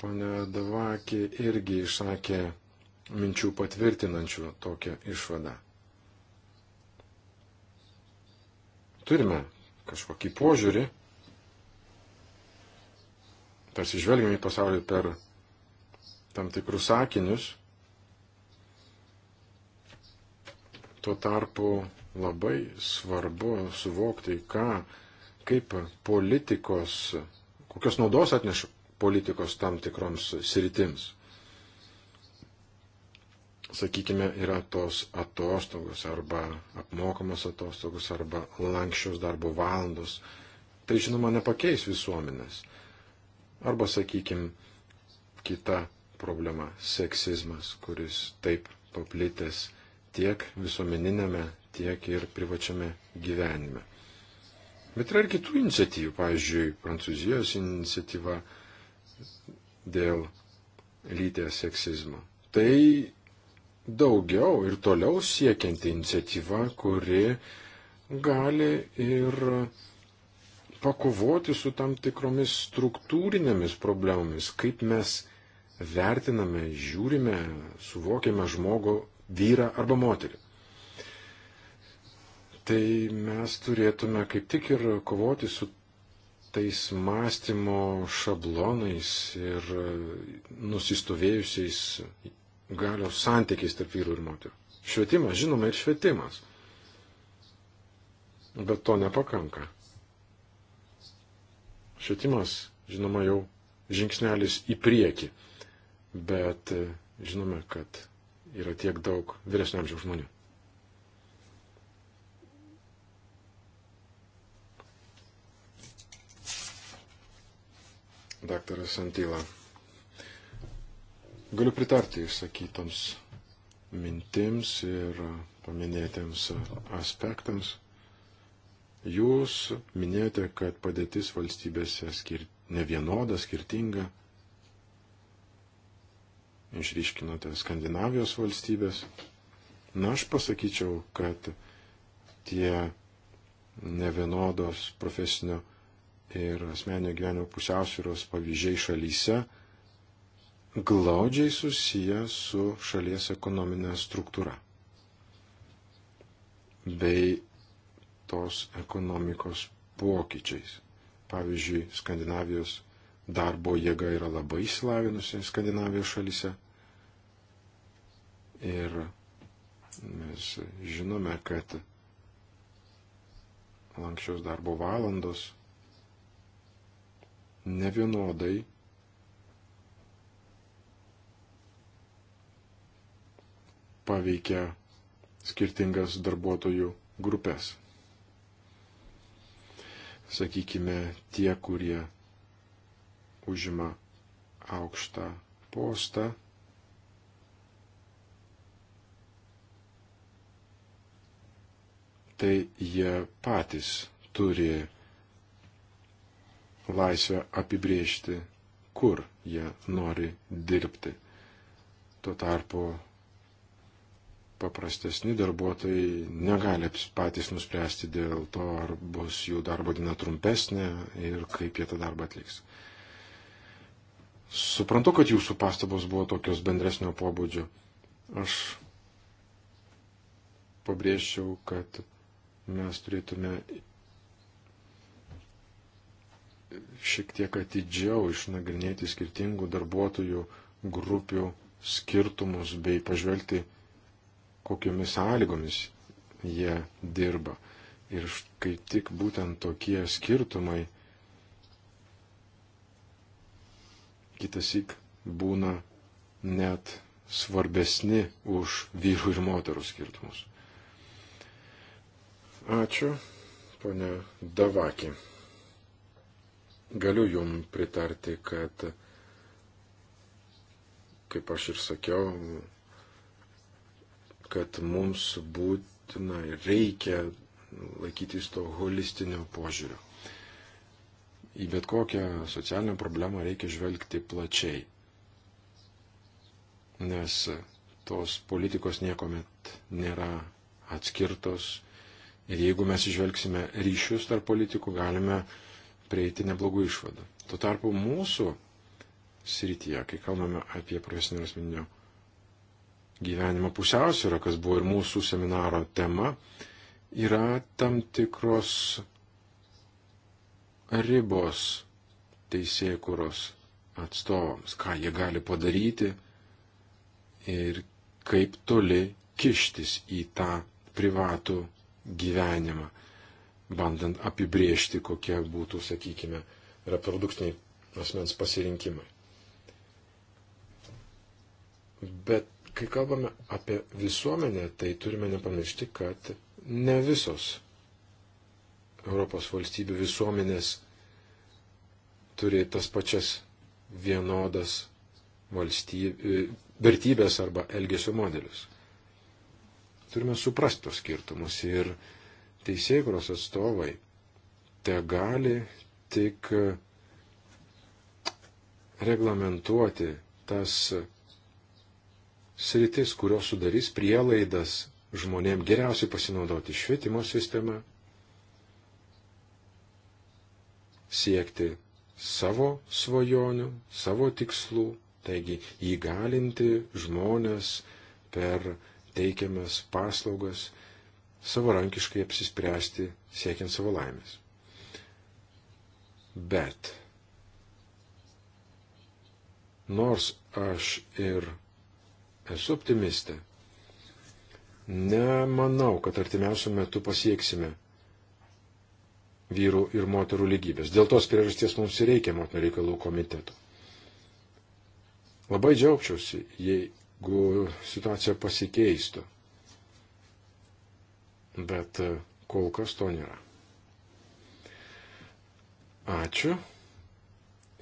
Pane Davakė irgi išsakė minčių patvirtinančių tokią išvadą. Turime kažkokį požiūrį, tarsi žvelgiam į pasaulį per tam tikrus sakinius, tuo tarpu labai svarbu suvokti, ką kaip politikos, kokios naudos atneša politikos tam tikroms sritims. Sakykime, yra tos atostogos arba apmokamos atostogos arba lankščios darbo valandos. Tai žinoma nepakeis visuomenės. Arba, sakykime, kita problema - seksizmas, kuris taip paplitęs tiek visuomeninėme, tiek ir privačiame gyvenime. Bet yra ir kitų iniciatyvų, pavyzdžiui, Prancūzijos iniciatyva dėl lytės seksizmo. Tai daugiau ir toliau siekianti iniciatyva, kuri gali ir pakovoti su tam tikromis struktūrinėmis problemomis, kaip mes vertiname, žiūrime, suvokiame žmogų, vyrą arba moterį tai mes turėtume kaip tik ir kovoti su tais mąstymo šablonais ir nusistovėjusiais galios santykiais tarp vyrų ir moterų. Švietimas, žinoma, ir švietimas. Bet to nepakanka. Švietimas, žinoma, jau žingsnelis į priekį. Bet žinome, kad yra tiek daug vyresnio amžiaus žmonių. daktaras Antyla. Galiu pritarti išsakytoms mintims ir paminėtiems aspektams. Jūs minėjote, kad padėtis valstybėse skir... nevienoda, skirtinga. Išryškinote Skandinavijos valstybės. Na, aš pasakyčiau, kad tie nevienodos profesinio ir asmenio gyvenimo pusiausvyros pavyzdžiai šalyse glaudžiai susiję su šalies ekonominė struktūra bei tos ekonomikos pokyčiais. Pavyzdžiui, Skandinavijos darbo jėga yra labai įsilavinusi Skandinavijos šalyse. Ir mes žinome, kad lankščios darbo valandos nevienodai. paveikia skirtingas darbuotojų grupės. Sakykime, tie, kurie užima aukštą postą, tai jie patys turi laisvę apibriežti, kur jie nori dirbti. Tuo tarpu paprastesni darbuotojai negali patys nuspręsti dėl to, ar bus jų darbo diena trumpesnė ir kaip jie tą darbą atliks. Suprantu, kad jūsų pastabos buvo tokios bendresnio pobūdžio. Aš pabrėžčiau, kad mes turėtume šiek tiek atidžiau išnagrinėti skirtingų darbuotojų grupių skirtumus bei pažvelgti, kokiomis sąlygomis jie dirba. Ir kaip tik būtent tokie skirtumai kitasik būna net svarbesni už vyrų ir moterų skirtumus. Ačiū, ponia Davakė. Galiu jum pritarti, kad, kaip aš ir sakiau, kad mums būtina ir reikia laikytis to holistinio požiūrio. Į bet kokią socialinę problemą reikia žvelgti plačiai, nes tos politikos niekomet nėra atskirtos ir jeigu mes išvelgsime ryšius tarp politikų, galime uh, prieiti neblogų išvadų. Tuo tarpu mūsų srityje, kai kalbame apie profesinio ir asmeninio gyvenimo pusiausvyrą, kas buvo ir mūsų seminaro tema, yra tam tikros ribos teisėkuros atstovams, ką jie gali padaryti ir kaip toli kištis į tą privatų gyvenimą bandant apibriežti, kokie būtų, sakykime, reprodukciniai asmens pasirinkimai. Bet kai kalbame apie visuomenę, tai turime nepamiršti, kad ne visos Europos valstybių visuomenės turi tas pačias vienodas valstybė, e, vertybės arba elgesio modelius. Turime suprasti tos skirtumus ir teisėkuros atstovai te gali tik reglamentuoti tas sritis, kurios sudarys prielaidas žmonėm geriausiai pasinaudoti švietimo sistemą, siekti savo svajonių, savo tikslų, taigi įgalinti žmonės per teikiamas paslaugas savarankiškai apsispręsti siekiant savo laimės. Bet nors aš ir esu optimistė, nemanau, kad artimiausių metų pasieksime vyrų ir moterų lygybės. Dėl tos priežasties mums ir reikia moterų reikalų komitetų. Labai džiaugčiausi, jeigu situacija pasikeistų bet e, kol kas to nėra. Ačiū.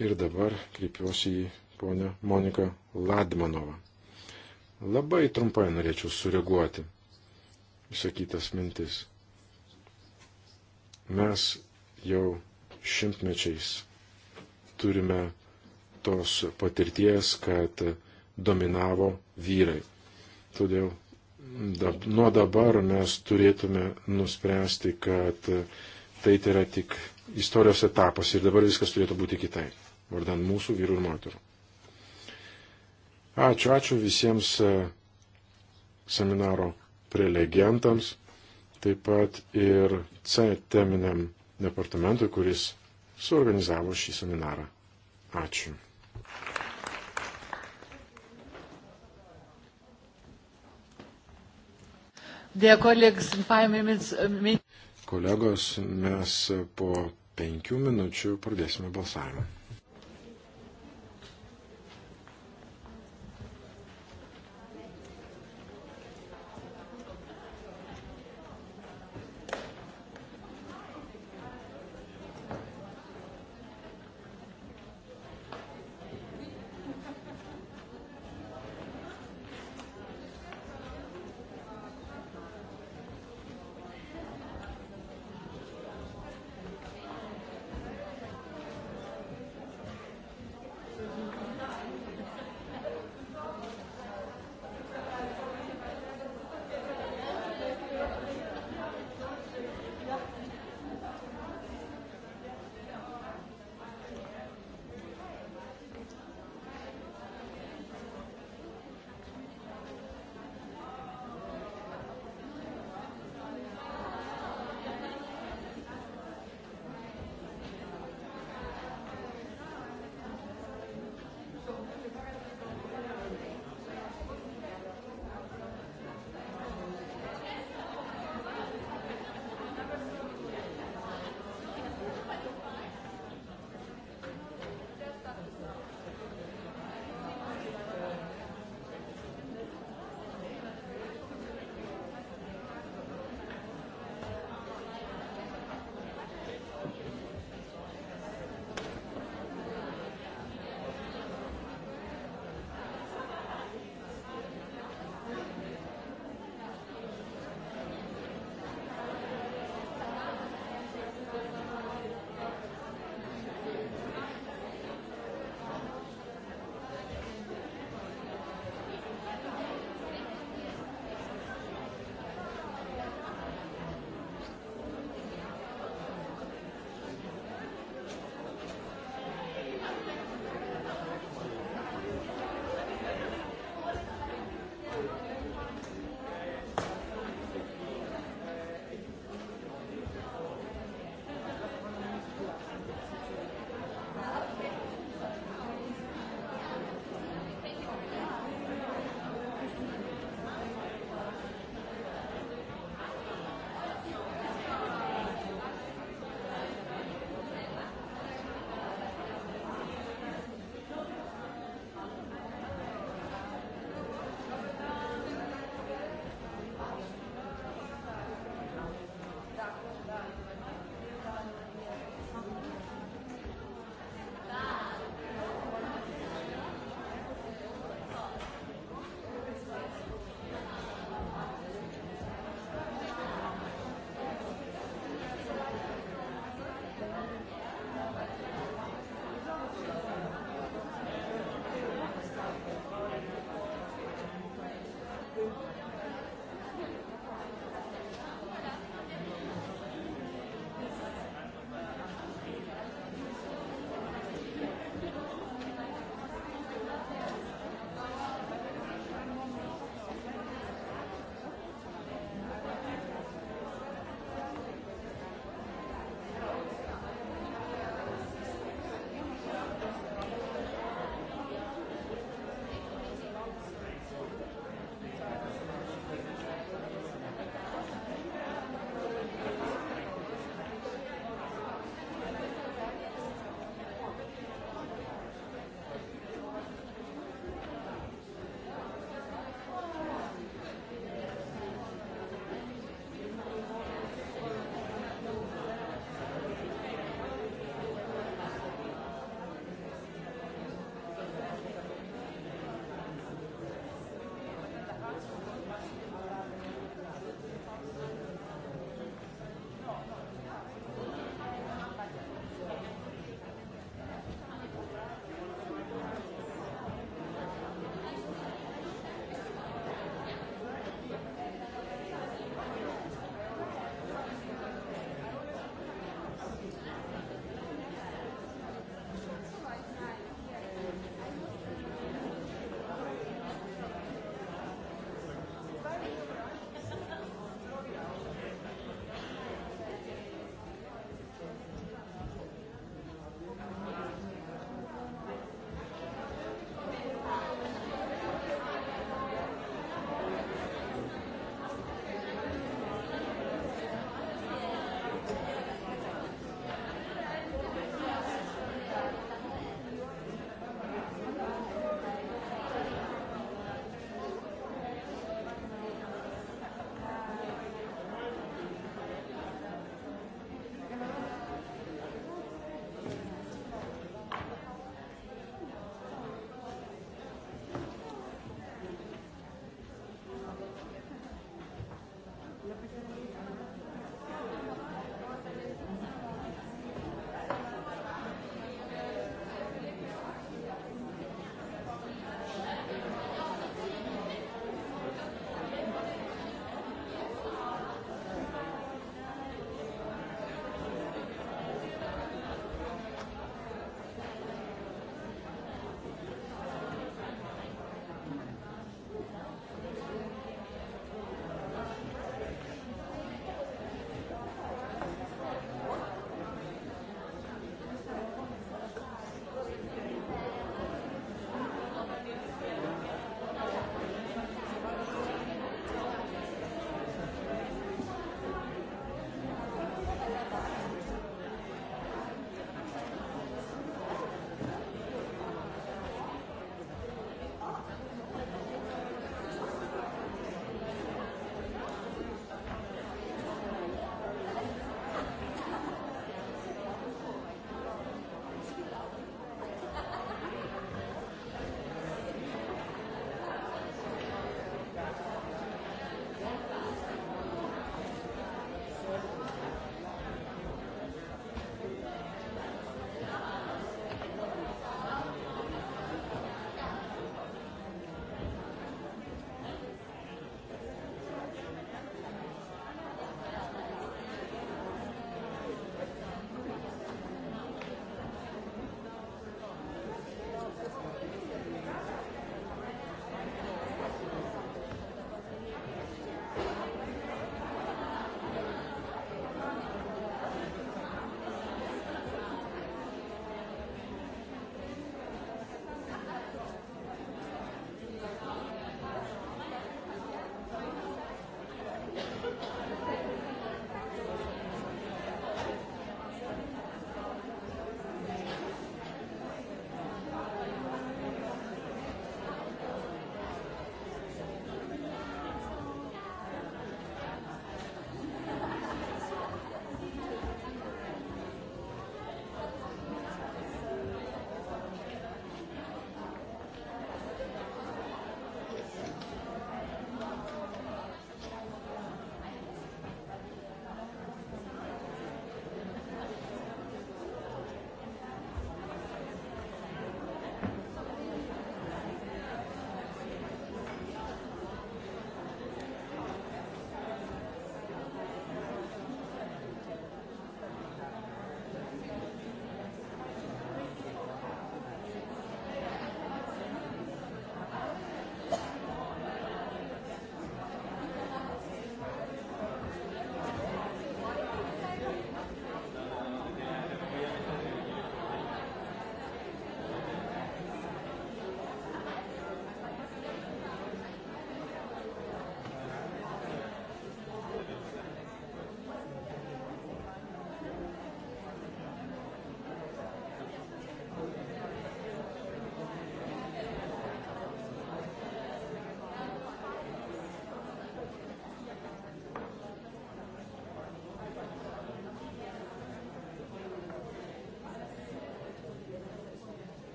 Ir dabar kreipiuosi į ponę Moniką Ladmanovą. Labai trumpai norėčiau sureaguoti išsakytas mintis. Mes jau šimtmečiais turime tos patirties, kad dominavo vyrai. Todėl dab, nuo dabar mes turėtume nuspręsti, kad tai yra tik istorijos etapas ir dabar viskas turėtų būti kitaip, vardan mūsų vyrų ir moterų. Ačiū, ačiū visiems e, seminaro prelegentams, taip pat ir C teminiam departamentui, kuris suorganizavo šį seminarą. Ačiū. Uh, Kolegos, mes po penkių minučių pradėsime balsavimą.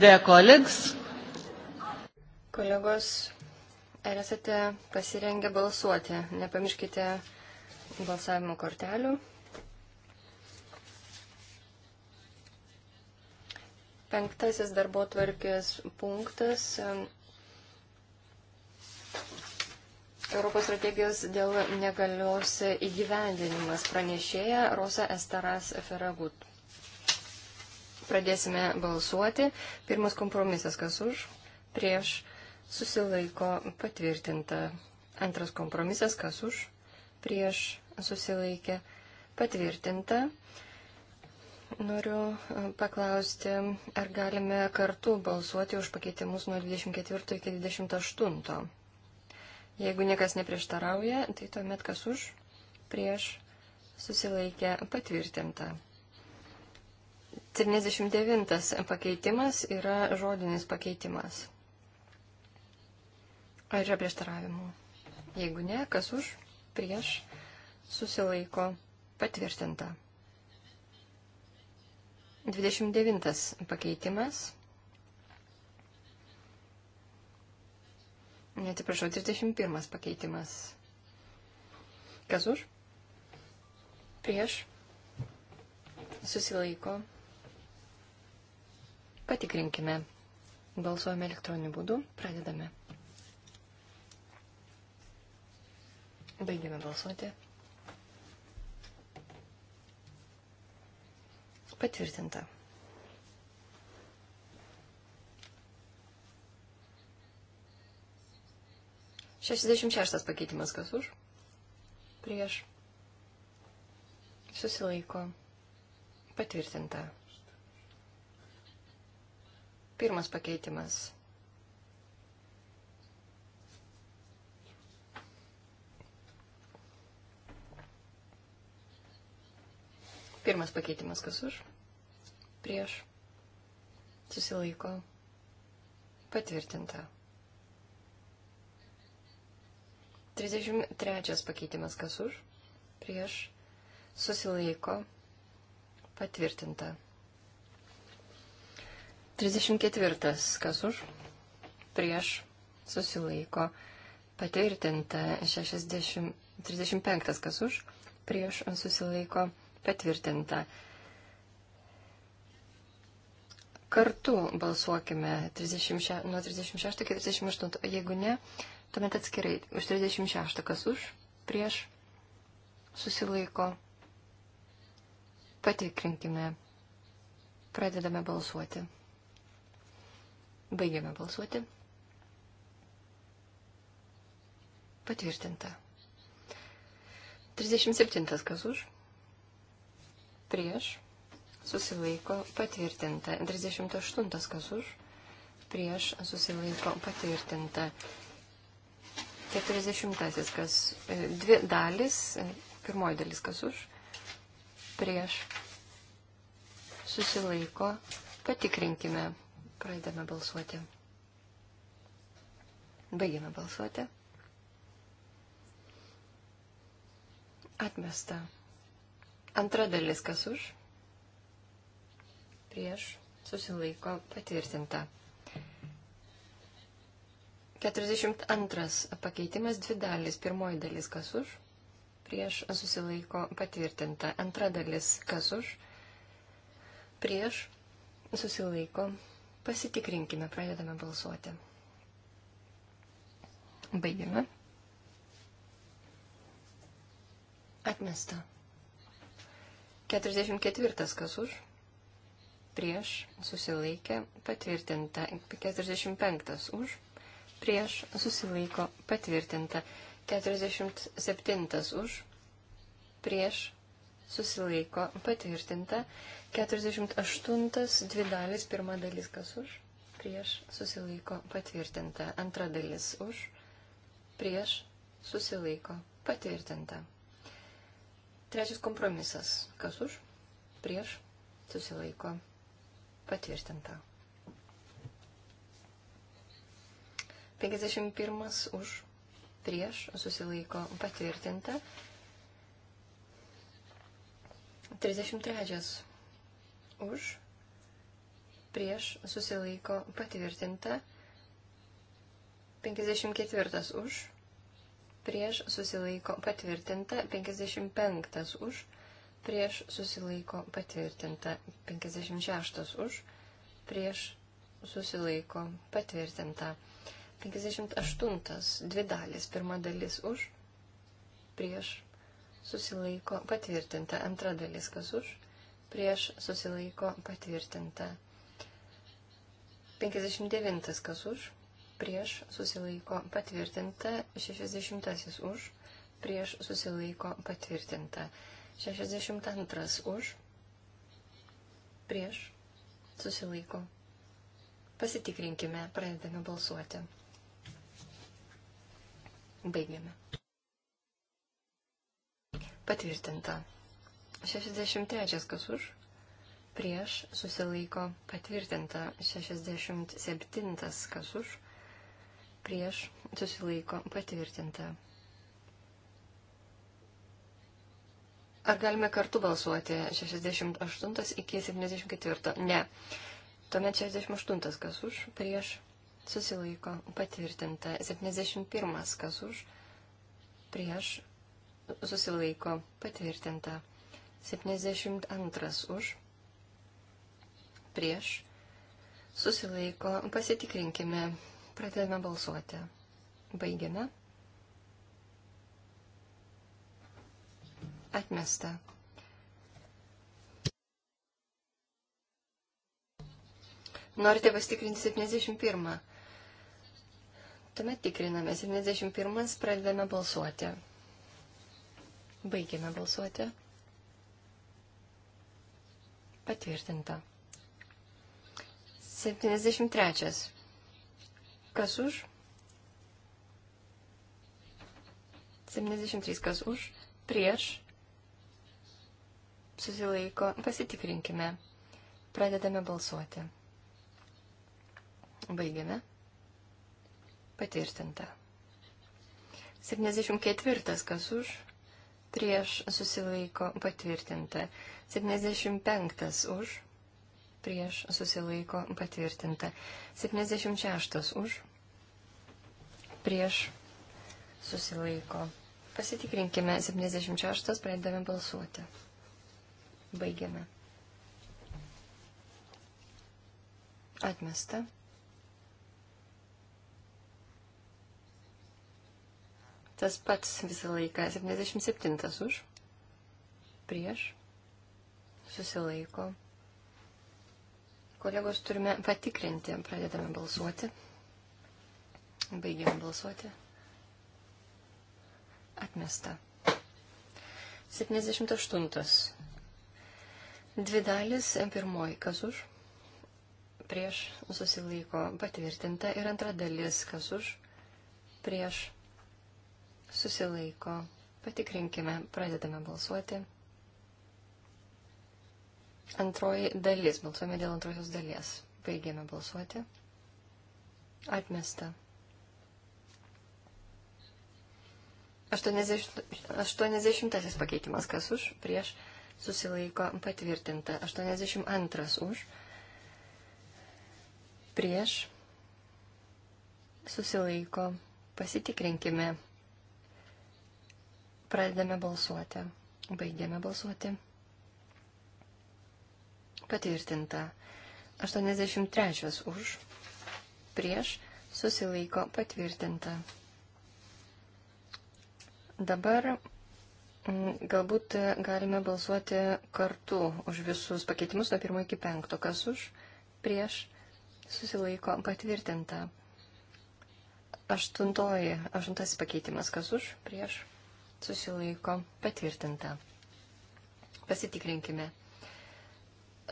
Dear colleagues. Kolegos, ar esate pasirengę balsuoti? Nepamirškite balsavimo kortelių. Penktasis darbo tvarkės punktas. Europos strategijos dėl negalios įgyvendinimas pranešėja Rosa Estaras Feragut pradėsime balsuoti. Pirmas kompromisas, kas už, prieš, susilaiko patvirtinta. Antras kompromisas, kas už, prieš, susilaikė patvirtinta. Noriu e, paklausti, ar galime kartu balsuoti už pakeitimus nuo 24 iki 28. Jeigu niekas neprieštarauja, tai tuomet kas už, prieš, susilaikė patvirtinta. 79 pakeitimas yra žodinis pakeitimas. Ar yra prieštaravimų? Jeigu ne, kas už, prieš, susilaiko, patvirtinta. 29 pakeitimas. Netiprašau, 31 pakeitimas. Kas už? Prieš. Susilaiko. Patikrinkime. Balsuojame elektroniniu būdu. Pradedame. Baigime balsuoti. Patvirtinta. Šešdešimt šeštas pakeitimas kas už? Prieš. Susilaiko. Patvirtinta. Pirmas pakeitimas. Pirmas pakeitimas kas už? Prieš. Susilaiko. Patvirtinta. 33 pakeitimas kas už? Prieš. Susilaiko. Patvirtinta. 34. Kas už? Prieš susilaiko patvirtinta. 60, 35. Kas už? Prieš susilaiko patvirtinta. Kartu balsuokime 36, nuo 36 iki 38. Jeigu ne, tuomet atskirai. Už 36. Kas už? Prieš susilaiko. Patikrinkime. Pradedame balsuoti. Baigiame balsuoti. Patvirtinta. 37 kas už. Prieš. Susilaiko patvirtinta. 38 kas už. Prieš. Susilaiko patvirtinta. 40 kas. E, dvi dalis. E, pirmoji dalis kas už. Prieš. Susilaiko. Patikrinkime. Pradedame balsuoti. Baigiame balsuoti. Atmesta. Antra dalis, kas už? Prieš. Susilaiko patvirtinta. 42 pakeitimas, dvi dalis. Pirmoji dalis, kas už? Prieš. Susilaiko patvirtinta. Antra dalis, kas už? Prieš. Susilaiko Pasitikrinkime, pradedame balsuoti. Baigiame. Atmesta. 44. Kas už? Prieš. Susilaikė. Patvirtinta. 45. Už. Prieš. Susilaiko. Patvirtinta. 47. Už. Prieš susilaiko patvirtinta. 48 dvi dalis, pirma dalis kas už, prieš susilaiko patvirtinta. Antra dalis už, prieš susilaiko patvirtinta. Trečias kompromisas kas už, prieš susilaiko patvirtinta. 51 už, prieš susilaiko patvirtinta. 33. Už. Prieš susilaiko patvirtinta. 54. Už. Prieš susilaiko patvirtinta. 55. Už. Prieš susilaiko patvirtinta. 56. Už. Prieš susilaiko patvirtinta. 58. Dvi dalis. Pirma dalis už. Prieš susilaiko patvirtinta. Antra dalis, kas už, prieš susilaiko patvirtinta. 59 kas už, prieš susilaiko patvirtinta. 60 už, prieš susilaiko patvirtinta. 62 už, prieš susilaiko. Pasitikrinkime, pradedame balsuoti. Baigiame. Patvirtinta. 63 kas už. Prieš susilaiko patvirtinta. 67 kas už. Prieš susilaiko patvirtinta. Ar galime kartu balsuoti 68 iki 74? Ne. Tuomet 68 kas už, prieš susilaiko patvirtinta. 71 kas už, prieš susilaiko patvirtinta. 72 už, prieš, susilaiko, pasitikrinkime, pradedame balsuoti. Baigina. Atmesta. Norite pasitikrinti 71. Tuomet tikriname 71, pradedame balsuoti. Baigėme balsuoti. Patvirtinta. 73. Kas už? 73. Kas už? Prieš? Susilaiko. Pasitikrinkime. Pradedame balsuoti. Baigėme. Patvirtinta. 74. Kas už? prieš susilaiko patvirtinta. 75 už, prieš susilaiko patvirtinta. 76 už, prieš susilaiko. Pasitikrinkime 76, pradedame balsuoti. Baigiame. Atmesta. Tas pats visą laiką. 77 už. Prieš. Susilaiko. Kolegos turime patikrinti. Pradedame balsuoti. Baigiame balsuoti. Atmesta. 78. Dvi dalis. Pirmoji kas už. Prieš. Susilaiko. Patvirtinta. Ir antra dalis kas už. Prieš susilaiko. Patikrinkime, pradedame balsuoti. Antroji dalis, balsuojame dėl antrosios dalies. Baigėme balsuoti. Atmesta. 80, 80 pakeitimas, kas už, prieš susilaiko patvirtinta. 82 už, prieš susilaiko. Pasitikrinkime Pradedame balsuoti. Baigiame balsuoti. Patvirtinta. 83 už. Prieš susilaiko patvirtinta. Dabar mm, galbūt galime balsuoti kartu už visus pakeitimus nuo 1 iki 5. Kas už? Prieš susilaiko patvirtinta. Aštuntoji, aštuntasis pakeitimas. Kas už? Prieš susilaiko patvirtinta. Pasitikrinkime.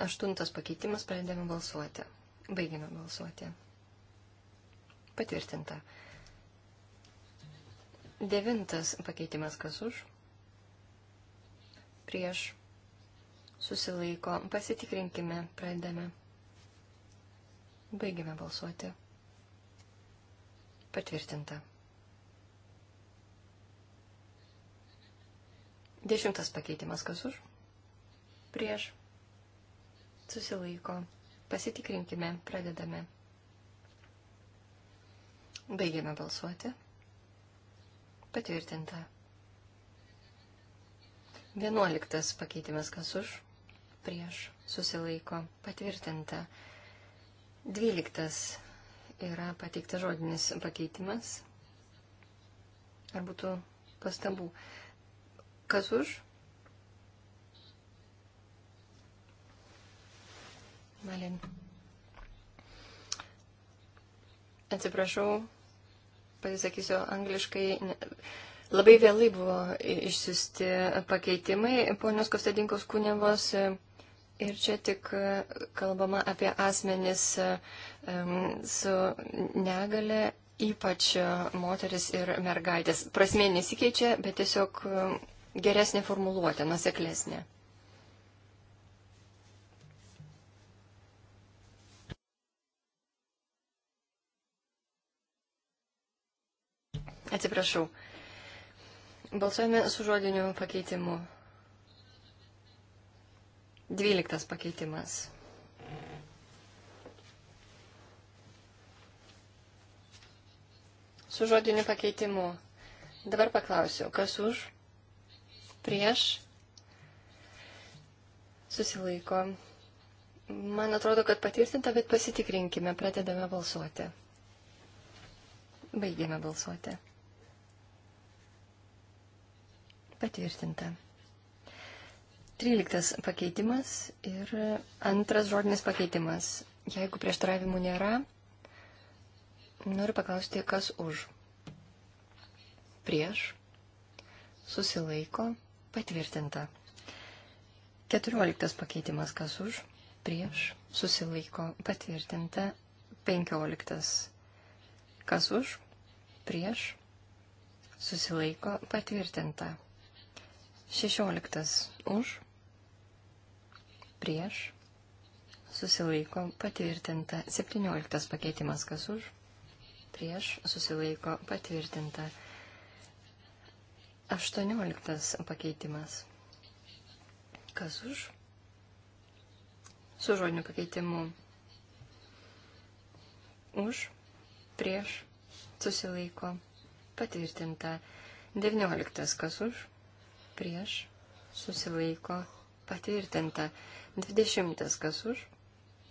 Aštuntas pakeitimas pradedame balsuoti. Baigiame balsuoti. Patvirtinta. Devintas pakeitimas kas už? Prieš. Susilaiko. Pasitikrinkime. Pradedame. Baigiame balsuoti. Patvirtinta. Dešimtas pakeitimas kas už? Prieš. Susilaiko. Pasitikrinkime, pradedame. Baigiame balsuoti. Patvirtinta. Vienuoliktas pakeitimas kas už? Prieš. Susilaiko. Patvirtinta. Dvyliktas yra pateiktas žodinis pakeitimas. Ar būtų pastabų? Kas už? Malin. Atsiprašau, pasisakysiu angliškai. Labai vėlai buvo išsiusti pakeitimai ponios Kostadinkos kūnevos. Ir čia tik e, kalbama apie asmenis e, su negale, ypač moteris ir mergaitės. Prasmė nesikeičia, bet tiesiog geresnė formuluotė, nuseklesnė. Atsiprašau. Balsuojame su žodiniu pakeitimu. Dvyliktas pakeitimas. Su žodiniu pakeitimu. Dabar paklausiu, kas už? prieš, susilaiko. Man atrodo, kad patvirtinta, bet pasitikrinkime, pradedame balsuoti. Baigėme balsuoti. Patvirtinta. Tryliktas pakeitimas ir antras žodinis pakeitimas. Jeigu prieštaravimų nėra, noriu paklausti, kas už. Prieš. Susilaiko. Patvirtinta. 14 pakeitimas kas už, prieš, susilaiko, patvirtinta. 15 kas už, prieš, susilaiko, patvirtinta. 16 už, prieš, susilaiko, patvirtinta. 17 pakeitimas kas už, prieš, susilaiko, patvirtinta. 18 pakeitimas. Kas už? Su žodiniu pakeitimu. Už, prieš, susilaiko, patvirtinta. 19. Kas už, prieš, susilaiko, patvirtinta. 20. Kas už,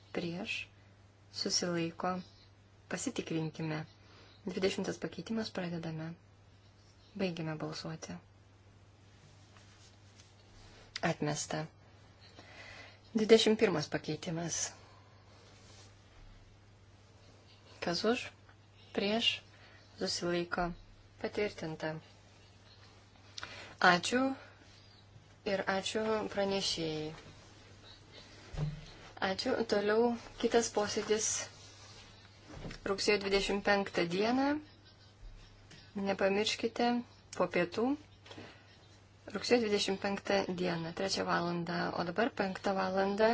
prieš, susilaiko, pasitikrinkime. 20. pakeitimas pradedame. Baigime balsuoti. Atmesta. 21 pakeitimas. Kas už? Prieš? Susilaiko. Patvirtinta. Ačiū ir ačiū pranešėjai. Ačiū. Toliau kitas posėdis rugsėjo 25 dieną. Nepamirškite po pietų rugsėjo 25 dieną, 3 valandą, o dabar 5 valandą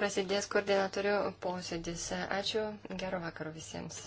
prasidės koordinatorių posėdis. Ačiū, gero vakaro visiems.